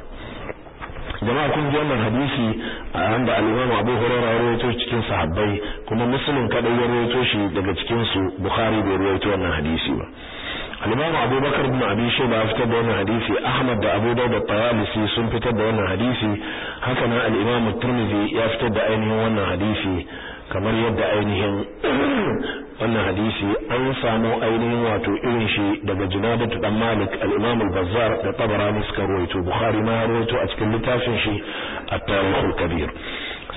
jama'a kun ji wannan hadisi a wanda al-Imam Abu Hurairah ya rawaito cikin sahabbai kuma Muslim kadai ya rawaito shi daga cikin su Bukhari bai rawaito wannan hadisi ba al-Imam Abu Bakar ya Abi Shayba fitar da wannan hadisi Ahmad da Abu Dawud tayalisi sun fitar da wannan hadisi haka nan al-Imam Tirmidhi ya fitar da ainihin wannan hadisi kamar yadda ainihin [clears throat] wannan hadisi an samu ainihin wato irin shi daga Junadatu dan Malik al-Imam al-Bazzar da Tabarani suka ruwaito Bukhari ma ruwaito a cikin littafin shi at-Tarikh al-Kabir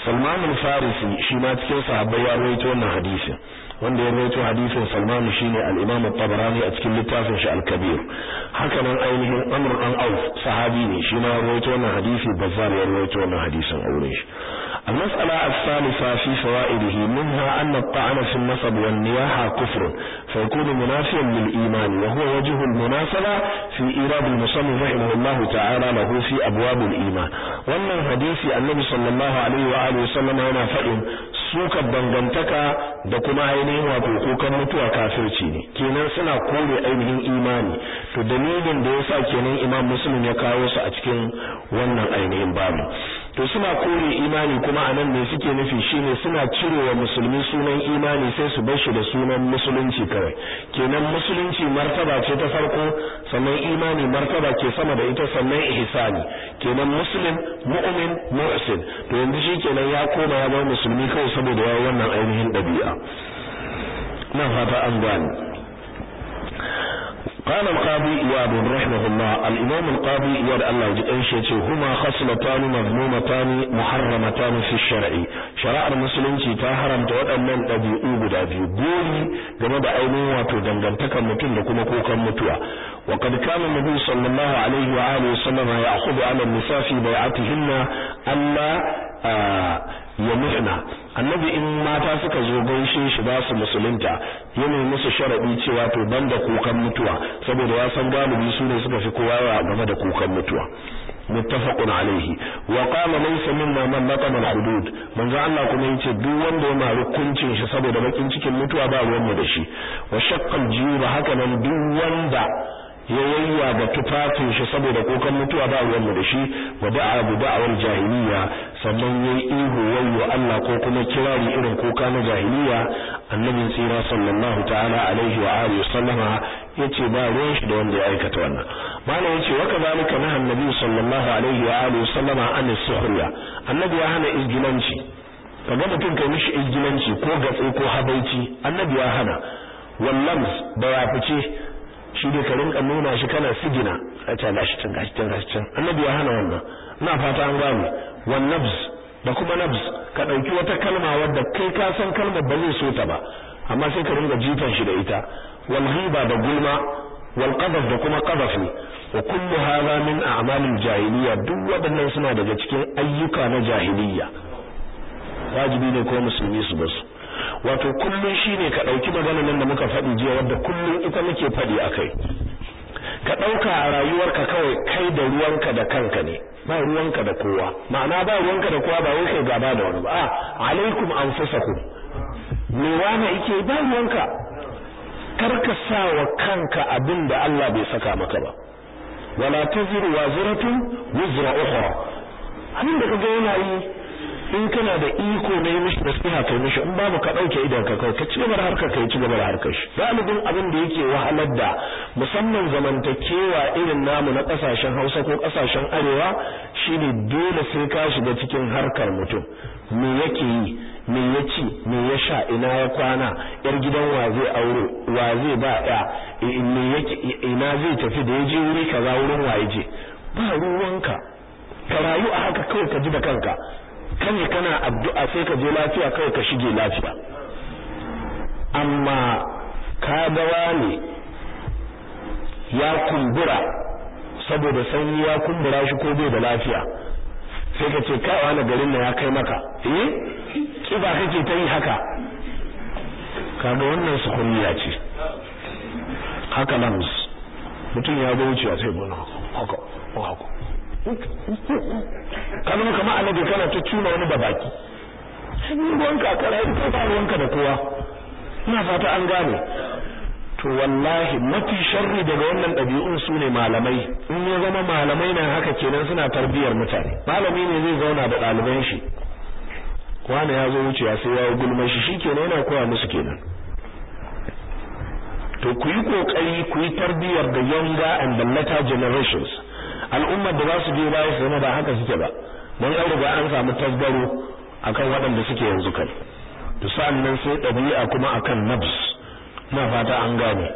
Salman al-Farisi shi ma cikin sahabbai ya ruwaito wannan hadisin wanda ya rawaito hadisin Salman shine al-Imam al tabarani a cikin littafin shi al-Kabir haka nan ainihin Amr an Auf sahabi ne shi ma rawaito wannan hadisi Bazzar ya rawaito wannan hadisin aure shi المسألة الثالثة في فوائده منها أن الطعن في النسب والنياحة كفر فيكون منافيا للإيمان وهو وجه المناسبة في إيراد المصنف رحمه الله تعالى له في أبواب الإيمان ومن حديث النبي صلى الله عليه وآله وسلم هنا فإن sukar dangantaka da kuma ainihin wato kokan mutuwa kafirci ne kenan suna kore ainihin imani to dalilin da ya sa kenan imam muslim ya kawo su a cikin wannan ainihin babu to suna kore imani kuma a nan ne suke nufi shine suna cire wa musulmi sunan imani sai su bar shi da sunan musulunci kawai kenan musulunci martaba ce ta farko sannan imani martaba ke sama da ita sannan ihsani kenan muslim mu'min muhsin to yanzu shi kenan ya koma ya bar musulmi kawai saboda yayi wannan ainihin dabi'a nan fata an gani قال القاضي يا ياب رحمه الله الإمام القاضي يرى الله أنشته هما خصلتان مذمومتان محرمتان في الشرع شرع المسلم تاهرم تود أن من أبي أوبدا في بولي لما بأينو واتو دنجم تكمتن لكم كوكا متوا وقد كان النبي صلى الله عليه وآله وسلم يأخذ على النساء في بيعتهن الا ya mutuna annabi in mata suka zo gaishe shi ba su musulunta yana musu sharadi cewa to banda kukan mutuwa saboda ya san galibi su ne suka fi kowa game da kukan mutuwa muttafaqun alaihi wa qala laysa minna man laqama al-hudud manzo Allah kuma yace duk wanda ya mari hukuncin shi saboda bakin cikin mutuwa ba ruwan mu da shi wa shaqqa al-jiyub haka nan duk wanda ya yayya da tufafin shi saboda kokan mutuwa ba ruwan mu da shi wa da'a da da'awar jahiliya sannan yayi ihu wayo Allah ko kuma kirari irin kuka na jahiliya annabin tsira sallallahu ta'ala alaihi wa alihi sallama yace ba ruwan shi da wanda ya aikata wannan malam yace wa kadhalika na annabi sallallahu alaihi wa alihi sallama an sukhriya annabi ya hana izgilanci kaga mutum kai mishi izgilanci ko gatsi ko habaici annabi ya hana wallam da fice shi ne ka rinka nuna shi kana sigina a ce gashi can gashi can gashi can annabi ya hana wannan ina fata an gano wan nabz da kuma nabz ka dauki wata kalma wadda kai ka san kalmar ba zai so ta ba amma sai ka rinka jitan shi da ita wal ghiba da gulma wal qadaf da kuma qadhaf ne wa kullu hadha min a'malil jahiliya duk waɗannan suna daga cikin ayyuka na jahiliya wajibi ne ko musulmi su basu wato shi shine ka ɗauki magana nan da muka faɗi jiya wadda kullum ita muke faɗi akai ka ɗauka a rayuwarka kawai kai da ruwanka da kanka ne ba ruwanka da kowa ma'ana ba ruwanka da kowa ba wai kai gaba da wani ba a ah, alaikum anfusakum me wani yake ba ruwanka kar ka sa wa kanka abin da Allah bai saka maka ba wala taziru waziratun wizra ukhra abin da kaga yana yi in kana da iko na yi mishi nasiha kai mishi in babu ka ɗauke idan ka kai ka ci gaba da harkar ka ci gaba da harkar shi galibin abin da yake wahalar da musamman zamantakewa irin namu na ƙasashen Hausa ko kasashen Arewa shine dole sai ka shiga cikin harkar mutum me yake yi me ya ci me ya sha ina ya kwana yar gidan wa zai aure wa zai ba ya eh, me yake ina zai tafi da yaje wuri kaza wurin wa yaje ba ruwanka ka rayu a haka kawai ka ji da kanka sani kana addu'a sai ka je lafiya kawai ka shige lafiya amma ka gawa ne ya kumbura saboda sanyi ya kumbura shi ko bai da lafiya sai ka ce kai wani garin nan ya kai maka eh kiba kake ta yi haka kaga wannan su kunniya ce haka nan mutum ya ga wuciya sai bana haka haka ka ma annabi kana ta cuna wani da baki yi ruwan kakara ya kai ba wanka da kowa ina fata an gane to wallahi mafi sharri daga wannan ɗabi'un su ne malamai in ya zama malamai na haka kenan suna tarbiyar mutane malami ne zai zauna da ɗalibai shi wani ya zo wucewa sai ya gulma shi shi shikenan yana koya musu kenan to ku yi kokari ku yi tarbiyar da younger and the latter generations al'ummar da za su je baya su zama ba haka suke ba don an riga an samu tasgaro akan waɗanda suke yanzu kai to nan sai ɗabi'a kuma akan nafs na fata an gane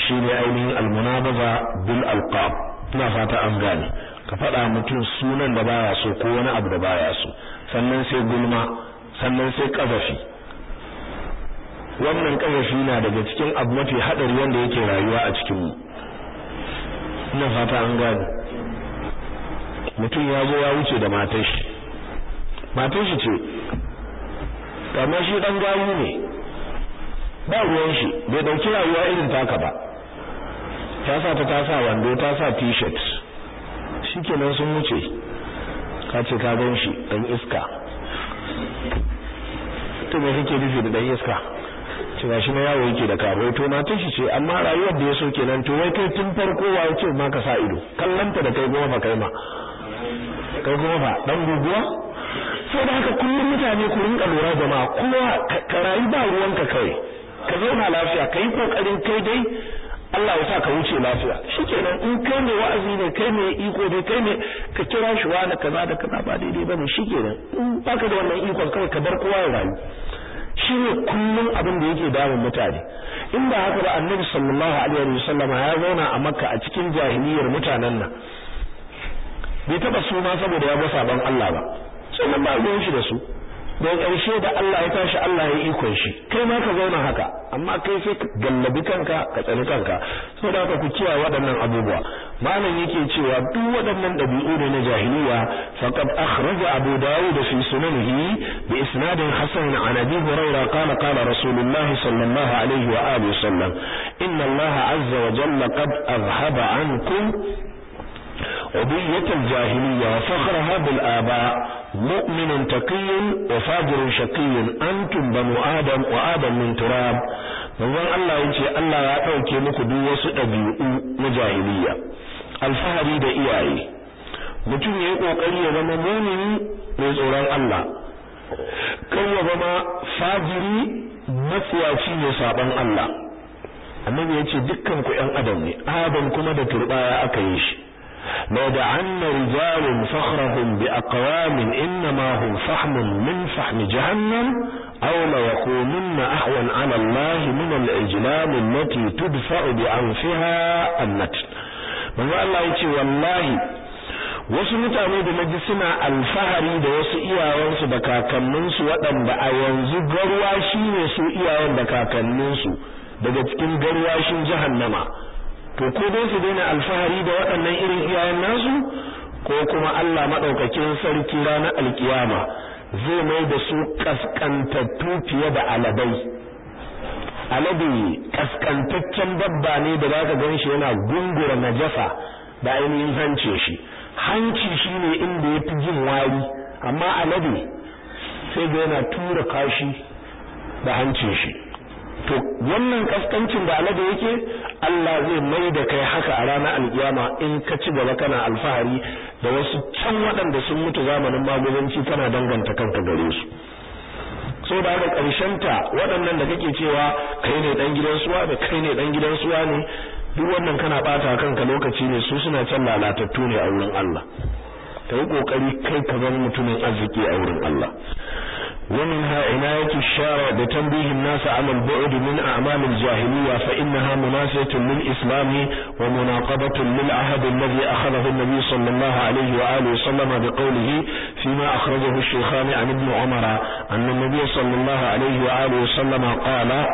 shi ne ainihin almunabaza bil alqab na fata an gane ka faɗa mutum sunan da baya so ko wani abu da baya so sannan sai gulma sannan sai kazafi wannan kazafi na daga cikin abu mafi haɗari wanda yake rayuwa a cikin mu na fata an gane mutum ya zo ya wuce da matan shi matan shi ce kamar shi dan gawo ne ba ruwan shi bai dauki rayuwa irin taka ba ta sa ta tasa wando ta sa t-shirt shikenan sun wuce ka ce ka gan shi dan iska to me kake nufi da dan iska ga shi na yawo yake da karo to na tashi ce amma rayuwar da ya so kenan to wai kai tun farko wa yake ma ka sa ido kallanta da kai goma kai ma kai kuma ba dan guguwa sai da haka kullum mutane ku rinka lura ma kowa ka rayu ba ruwan ka kai ka zauna lafiya ka kokarin kai dai Allah ya sa ka wuce lafiya shikenan in kai ne wa'azi ne kai ne iko ne kai ne ka kira shi wani kaza da kaza ba daidai bane shikenan in baka da wannan ikon kai ka bar kowa ya rayu shi ne kullum abin da yake damun mutane in ba haka ba annabi sallallahu alaihi wasallam ya zauna a makka a cikin jahiliyar mutanen nan bai taba su ma saboda ya ga saban Allah ba sannan ba ruwan shi da su don karshe da Allah ya tashi Allah ya ikon shi kai ma ka zauna haka amma kai sai ka gallabi kanka ka tsani kanka saboda ka ku kiyaye waɗannan abubuwa malam yake cewa duk waɗannan dabi'u ne na jahiliya faqad akhraja abu dawud fi sunanihi bi isnadin hasan an abi hurairah qala qala rasulullah sallallahu alaihi wa alihi wasallam inna allaha azza wa jalla qad azhaba ankum عبية الجاهلية وفخرها بالآباء مؤمن تقي وفاجر شقي أنتم بنو آدم وآدم من تراب manzon Allah ya الله Allah ya ɗauke muku duk wasu ɗabi'u na alfahari da iyaye mutum ya yi ƙoƙari ya zama mumini mai tsoron Allah kan ya zama fajiri matsiyaci Allah annabi ya ce ‘yan adam ne adam kuma da turɓaya aka yi shi ليدعن رجال فخرهم بأقوام إنما هم فحم من فحم جهنم أو ليكونن أهون على الله من الإجلام التي تدفع بأنفها النتل من الله يتي والله wasu mutane da naji suna alfahari da wasu iyayensu da kakanninsu waɗanda a yanzu garwashi ne su iyayen da kakanninsu daga cikin garwashin jahannama to ko dai su daina alfahari da waɗannan irin iyayen nasu ko kuma Allah maɗaukakin sarki ranar alkiyama zai mai da su kaskantattu fiye da aladai alade kaskantaccen dabba ne da za ka gan shi yana gungura najasa da ainihin hance shi hanci shi ne inda ya fi jin wari amma alade sai ga yana tura kashi da hanci shi to wannan kaskancin da alade yake Allah zai mai da kai haka a ranar alkiyama in ka ci gaba kana alfahari da wasu can waɗanda sun mutu zamanin magudanci kana danganta kanka gare su so da haka ƙarshen ta waɗannan da kake cewa kai ne ɗan gidan suwa da kai ne ɗan gidan suwa ne duk wannan kana bata kanka lokaci ne su suna can lalatattu ne a wurin Allah kai kokari kai ka zama mutumin arziki a wurin Allah ومنها عناية الشارع بتنبيه الناس على البعد من أعمال الجاهلية فإنها مناسية للإسلام ومناقضة للعهد الذي أخذه النبي صلى الله عليه وآله وسلم بقوله فيما أخرجه الشيخان عن ابن عمر أن النبي صلى الله عليه وآله وسلم قال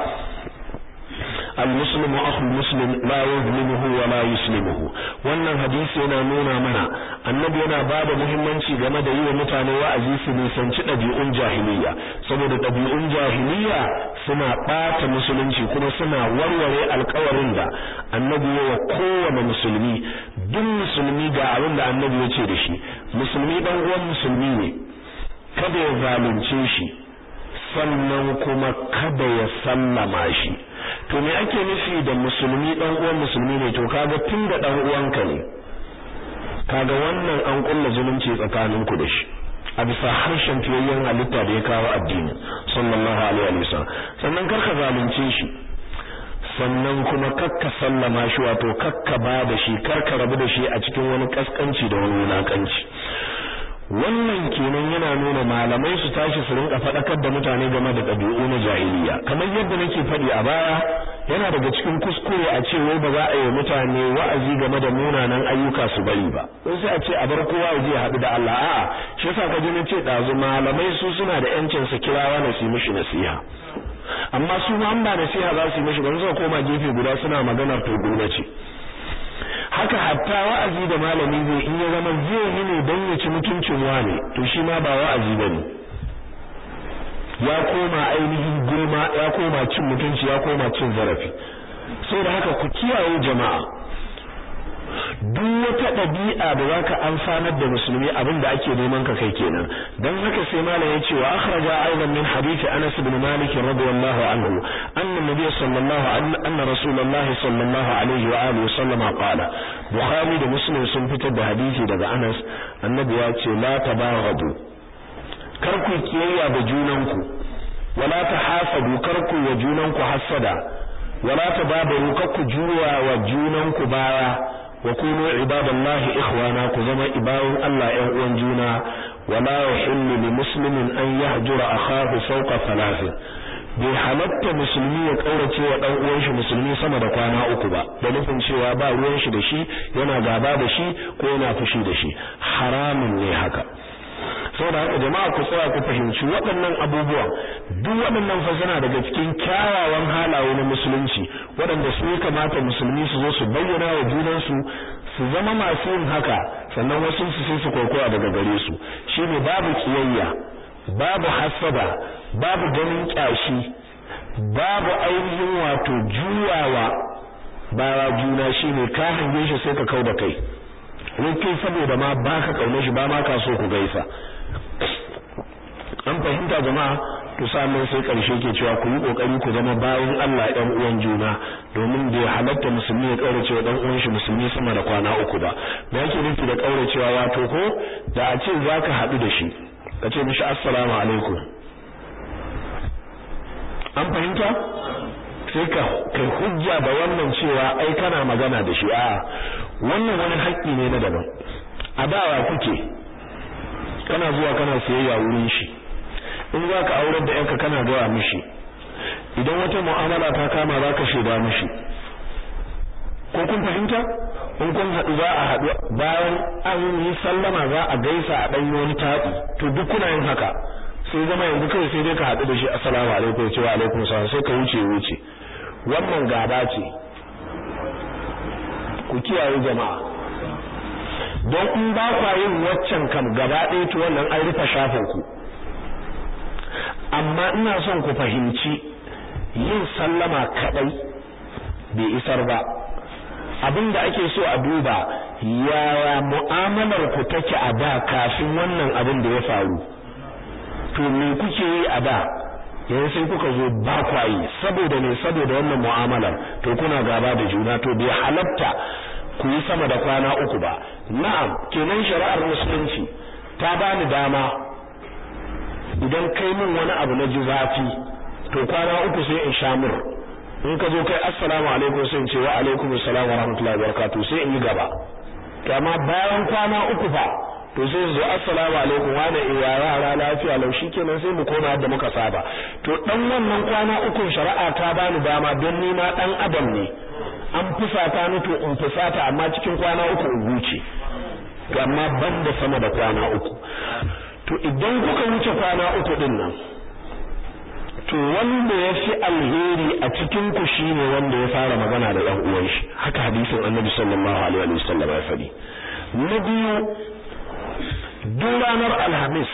al-muslimu akhul muslim la yuzlimuhu wa wannan hadisi yana nuna mana annabi yana bada muhimmanci game da yiwa mutane wa'azi su nisanci ɗabi'un jahiliya saboda ɗabi'un jahiliya suna ɓata musulunci kuma suna warware alkawarin da annabi ya wa kowane musulmi duk musulmi ga abin da annabi ya ce da shi musulmi dan uwan musulmi ne kada ya zalunce shi sannan kuma kada ya sallama shi to me ake nufi da musulmi dan uwan musulmi ne to kaga tun da dan uwan ka ne kaga wannan an kulla zulunci tsakanin ku da shi a bisa harshen fiyayyen halitta da ya kawo addini sallallahu alaihi wa sallam sannan karka zalunce shi sannan kuma kakka sallama shi wato kakka ba da shi karka rabu da shi a cikin wani kaskanci da wani wulakanci wannan kenan yana nuna malamai su tashi su rinka faɗakar da mutane game da ɗabi'u na jahiliya kamar yadda nake faɗi a baya yana daga cikin kuskure a ce wai ba za a yi mutane wa'azi game da munanan ayyuka su bari ba sai sai a ce a bar kowa ya je haɗu da Allah a'a shi yasa ka ji na ce dazu malamai su suna da yancin su kirawa na su mishi nasiha amma su ma an ba nasiha za su yi mishi ba su koma gefe guda suna maganar to ce haka hatta wa'azi da malami zai in ya zama zai ne don ya ci mutuncin ne to shi ma ba wa'azi ba ne ya koma ainihin girma ya koma cin mutunci ya koma cin zarafi sau da haka ku kiyaye jama'a duk wata ɗabi'a da zaka amfanar da musulmi abin da ake neman ka kai kenan dan haka sai malam ya ce wa akhraja aidan min hadith Anas ibn Malik radiyallahu anhu anna nabiy sallallahu anna rasulullahi sallallahu alaihi wa alihi sallam qala Bukhari da Muslim sun fitar da hadisi daga Anas annabi ya ce la tabaghadu kar ku kiyayya da junanku wala tahasadu kar ku wa junanku hasada wala tabaghadu kar ku juwa wa junanku baya wa kunu ibadallahi ikhwana ku zama ibawun Allah yan uwan juna wala musulmin an muslimin an a kahu fawqa thalathin bai halatta musulmi ya kaurace wa dan uwan shi musulmi sama da kwana uku ba da nufin cewa ba ruwan shi da shi yana gaba da shi ko yana fushi da shi haramun ne haka saboda haka jama'a ku tsaya ku fahimci waɗannan abubuwa duk waɗannan fasana daga cikin kyawawan halaye na musulunci waɗanda su ya kamata musulmi su zo su bayyana wa junansu su zama masu yin haka sannan wasu su sai su kwaikwaya daga gare su shine babu kiyayya babu hasada babu ganin kyashi babu ainihin wato juyawa bawa juna shine ka hange shi sai ka kau da kai wai kai saboda ma ba ka kaune shi ba ma ka so ku gaisa an fahimta jama'a to sannan sai karshe ke cewa ku yi kokari ku zama bayan Allah ɗan uwan juna domin da ya halatta musulmi ya kaura cewa ɗan uwan shi musulmi sama da kwana uku ba da yake nufi da kaura cewa ya ko da a ce za ka haɗu da shi ka ce mishi assalamu alaikum an fahimta sai ka hujja da wannan cewa ai kana magana da shi a'a wannan wani haƙƙi ne na daban a dawa kuke kana zuwa kana sayayya wurin shi in za ka aurar da yanka kana gawa mishi idan wata mu'amala ta kama za ka shaida mishi ko kun fahimta in kun haɗu za a haɗu bayan an yi sallama za a gaisa a ɗan wani taɗi to duk kuna yin haka sai zama yanzu kawai sai dai ka haɗu da shi assalamu alaikum cewa alaikum salam sai ka wuce wuce wannan gaba ce ku kiyaye jama'a don in ba kwa yin waccan kam gaba ɗaya to wannan an rufe shafin ku amma ina son ku fahimci yin sallama kaɗai bai isar ba abin da ake so a duba yaya mu'amalar ku take a da kafin wannan abin da ya faru to me kuke yi a da yanzu sai kuka zo ba kwayi saboda ne saboda wannan mu'amalar to kuna gaba da juna to bai halatta ku yi sama da kwana uku ba na'am kenan shari'ar musulunci ta bani dama idan kai min wani abu na ji zafi to kwana uku sai in sha mur in ka zo kai assalamu alaikum sai in ce wa alaikum assalam wa rahmatullahi wa barakatuh sai in yi gaba kama bayan kwana uku fa to zai zo assalamu alaikum wani iya eh, yara lafiya lau kenan sai mu koma yadda muka saba to dan wannan kwana ukun shari'a ta bani dama don ni ma dan adam ne an fusata ni to in fusata amma cikin kwana uku in wuce to amma ban da sama da kwana uku to idan kuka wuce kwana uku din nan to wanda ya fi alheri a cikin ku shine wanda ya fara magana da ɗan uwan shi haka hadisin annabi sallallahu alaihi sallam ya faɗi na biyu duk ranar alhamis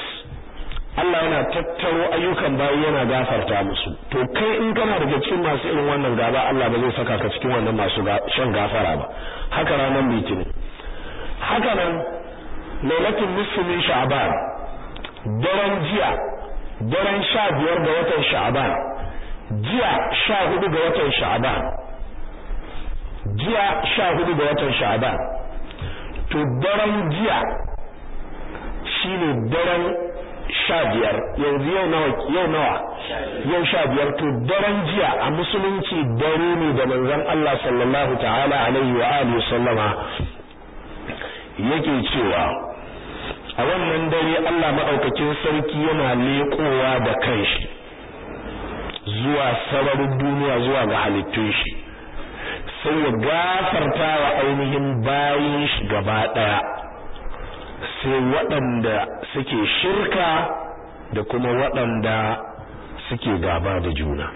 Allah yana tattaro ayyukan bayi yana gafarta musu to kai in kana daga cikin masu irin wannan gaba Allah ba zai saka ka cikin wannan masu shan gafara ba haka ranar litinin haka nan lailatul sha'aba, sha'ban daren jiya daren sha biyar ga watan sha'ban jiya sha hudu ga watan sha'ban jiya sha hudu ga watan sha'ban to daren jiya shine daren sha biyar yanzu yau nawa yau nawa yau sha biyar to daren jiya a musulunci dare ne da manzon Allah sallallahu ta'ala alaihi wa alihi sallama yake cewa a wannan dare Allah madaukakin sarki yana leƙowa da kanshi zuwa sararin duniya zuwa ga halittun shi sai ya gafarta wa ainihin bayin shi gaba daya sai waɗanda suke shirka da kuma waɗanda suke gaba da juna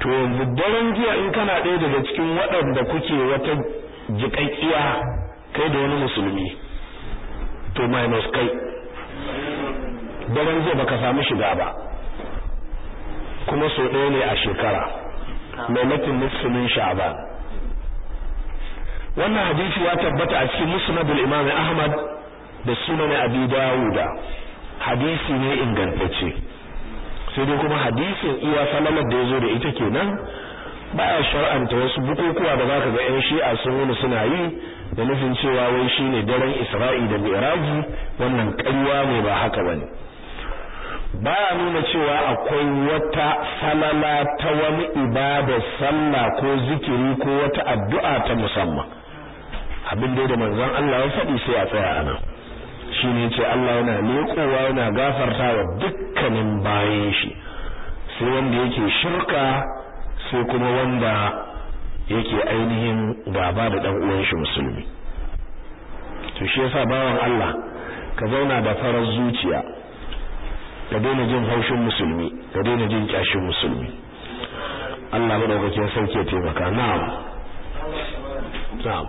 to yanzu daren jiya in kana ɗaya daga cikin waɗanda kuke wata jiƙaƙƙiya kai da wani musulmi to minus kai daren jiya baka samu shiga ba kuma so ɗaya ne a shekara maimakon musulmin sha'aba. wannan hadisi ya tabbata a cikin musnadul imam ahmad da sunan abi dawuda hadisi ne ingantacce sai dai kuma hadisin iya salamar da yazo da ita kenan baya shar'anta wasu bukukuwa da zaka ga yan shi'a sun wani suna yi da nufin cewa wai shine daren isra'i da mi'raj wannan ƙarya ne ba haka bane baya nuna cewa akwai wata falala ta wani ibada sallah ko zikiri ko wata addu'a ta musamman abin da manzon Allah ya faɗi sai a tsaya a nan shi ne ce Allah yana leƙowa yana gafarta wa dukkanin bayan shi sai wanda yake shirka sai kuma wanda yake ainihin gaba da dan uwan shi musulmi to shi yasa bawan Allah ka zauna da farar zuciya ka daina jin haushin musulmi ka daina jin kyashin musulmi Allah madaukakin sarki ya taimaka na'am na'am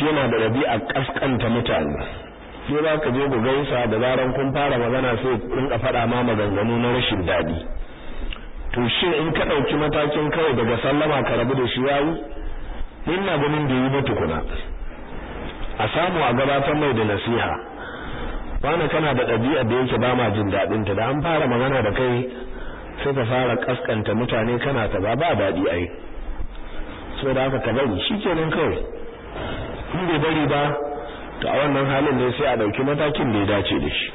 yana da rabi'a kaskanta mutane sai za ka je ku gaisa da zaran kun fara magana sai ka faɗa ma maganganu na rashin daɗi to shin in ka ɗauki matakin kawai daga sallama ka rabu da shi yayi ina ganin da yi ba tukuna a samu a gabatar mai da nasiha wani kana da ɗabi'a da yake ba ma jin daɗin ta da an fara magana da kai sai ka fara kaskanta mutane kana ta ba ba daɗi ai so haka ka bari shikenan kawai in bai bari ba to a wannan halin ne sai a dauki matakin da ya dace da shi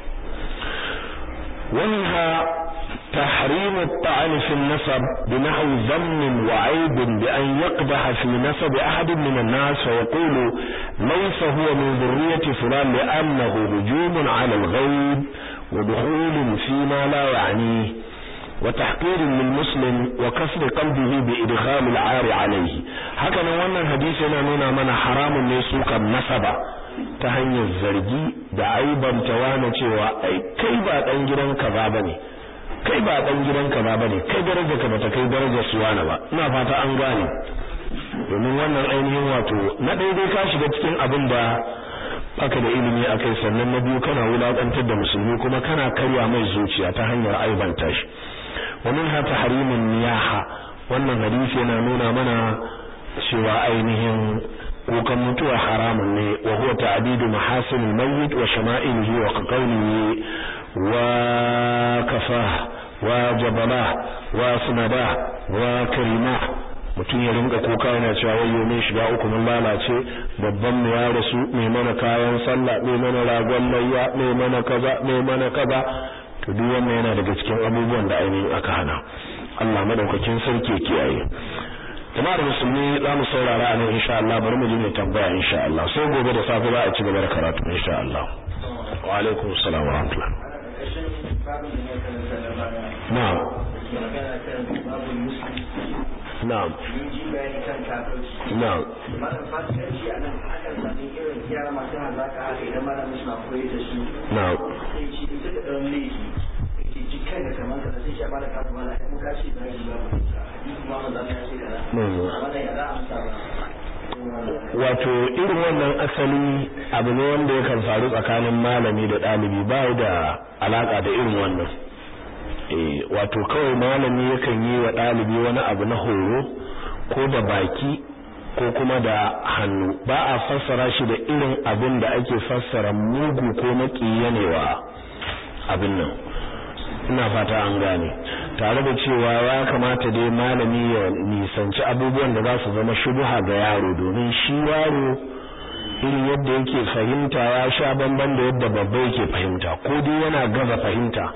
ومنها تحريم الطعن في النسب بنحو ذم وعيب بأن يقدح في نسب أحد من الناس ويقول ليس هو من ذرية فلان لأنه هجوم على الغيب ودخول فيما لا يعنيه وتحقير للمسلم وكسر قلبه بإدخال العار عليه هكذا وانا الحديث هنا نونا من حرام ليسوك النسبة تهني الزرجي دعيبا توانا تيوا أي كيبا تنجران كذابني كيبا تنجران كذابني كي درجة كبتا كي درجة سوانا با نافاتا أنغاني domin wannan ainihin wato na daidai ka shiga cikin abin da aka da ilimi a kai sannan na biyu kana wulaƙantar da musulmi kuma kana karya mai zuciya ta hanyar aibanta shi wa minha tahrimun niyaha wannan hadisi yana nuna mana cewa ainihin kukan mutuwa haramun ne wa huwa ta'didu mahasin al-mayyit wa shama'ilihi wa qawlihi wa kafah wa jabala wa sunada wa karima mutum ya rinka kuka yana cewa wayyo mai shiga uku mun lalace babban mu ya rasu mai mana kayan sallah mai mana ragon layya mai mana kaza mai mana kaza to duk wannan yana daga cikin abubuwan da ainihin aka hana Allah madaukakin sarki kiyaye jama'ar musulmi za mu saurara a nan insha Allah bari mu ji tambaya insha Allah sai gobe da safe za a ci gaba da karatu insha Allah wa alaikum assalam wa rahmatullah na'am na'am na'am na'am Mm-hmm. wato irin wannan asali abu ne wanda ya kan faru tsakanin malami da ɗalibi ba da alaƙa da irin wannan eh, wato kawai malami yakan yi wa ɗalibi wani abu na horo ko da baki ko kuma da hannu ba a fassara shi da irin abin da ake fassara mugu ko maƙiyanewa abin nan ina fata an gane tare da cewa ya kamata dai malami ya nisanci abubuwan da za su zama shubuha ga yaro domin shi yaro irin yadda yake fahimta ya sha bamban da yadda babba yake fahimta ko dai yana gaza fahimta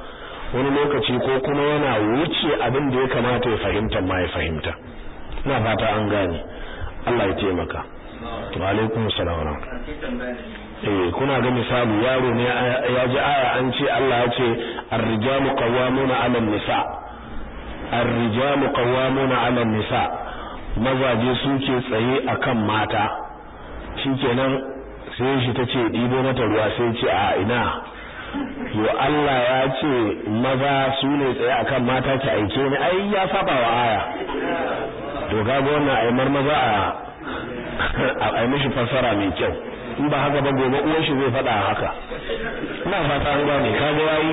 wani lokaci ko kuma yana wuce abin da ya kamata ya fahimta ma ya fahimta ina fata an gane Allah ya taimaka wa alaikum salam eh, kuna ga misali yaro ne ya ji aya an ce Allah ya ce الرجال قوامون على النساء الرجال قوامون على النساء mazaje suke tsaye akan mata shikenan sai shi tace ɗibo mata ruwa sai ce ina yo Allah ya ce maza su ne tsaye akan mata ki aike ni ai ya saba wa aya to kaga wannan ai maza a ai mishi fassara mai kyau in ba haka ba gobe uwan shi zai faɗa haka ina fata an gane kaga yayi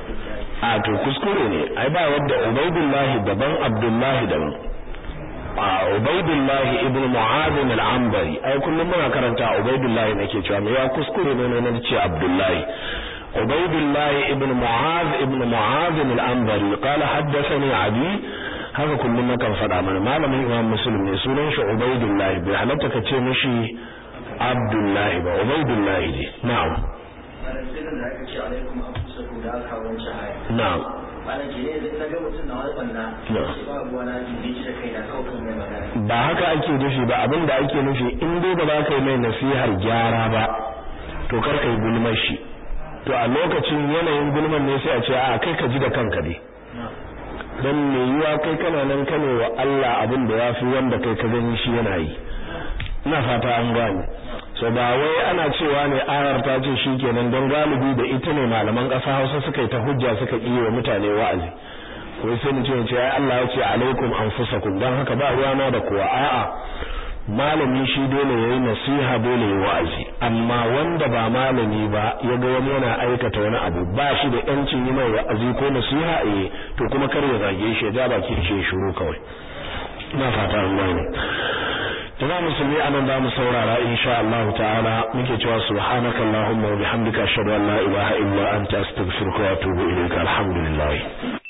a to kuskure ne ai ba wadda ubaidullahi daban abdullahi daban a ubaidullahi ibnu mu'adh al-anbari ai kullum muna karanta ubaidullahi nake cewa me ya kuskure ne na ce abdullahi ubaidullahi Ibn mu'adh ibnu mu'adh al-anbari qala haddathani abi haka kullum na kan faɗa mana malamin imam muslim ne sunan shi ubaidullahi bai halatta ka ce mishi abdullahi ba ubaidullahi ne na'am ba haka ake nufi ba abin da ake nufi in dai ba za ka yi mai nasihar gyara ba to kar ka yi gulmar shi to a lokacin yanayin gulman ne sai a ce a kai ka ji da kanka ne don mai yiwa kai kana nan kane wa Allah abin da ya fi wanda kai ka gani shi yana yi ina fata an gane so ba wai ana cewa ne ayar ta ce shi kenan don galibi da ita ne malaman ƙasa hausa suka yi ta hujja suka iya mutane wa'azi wai sai mutum ya ce ai Allah ya ce alaikum anfusakum dan haka ba na da kuwa a'a malami shi dole yayi nasiha dole yayi wa'azi amma wanda ba malami ba ya ga wani yana aikata wani abu ba shi da yancin yi mai wa'azi ko nasiha eh to kuma kar ya zage shi ya ja baki shi shiru kawai ina fata Allah ne jama'a musulmi anan za mu saurara insha Allah ta'ala muke cewa subhanaka allahumma wa bihamdika ashhadu an la ilaha illa anta astaghfiruka wa atubu ilayka alhamdulillah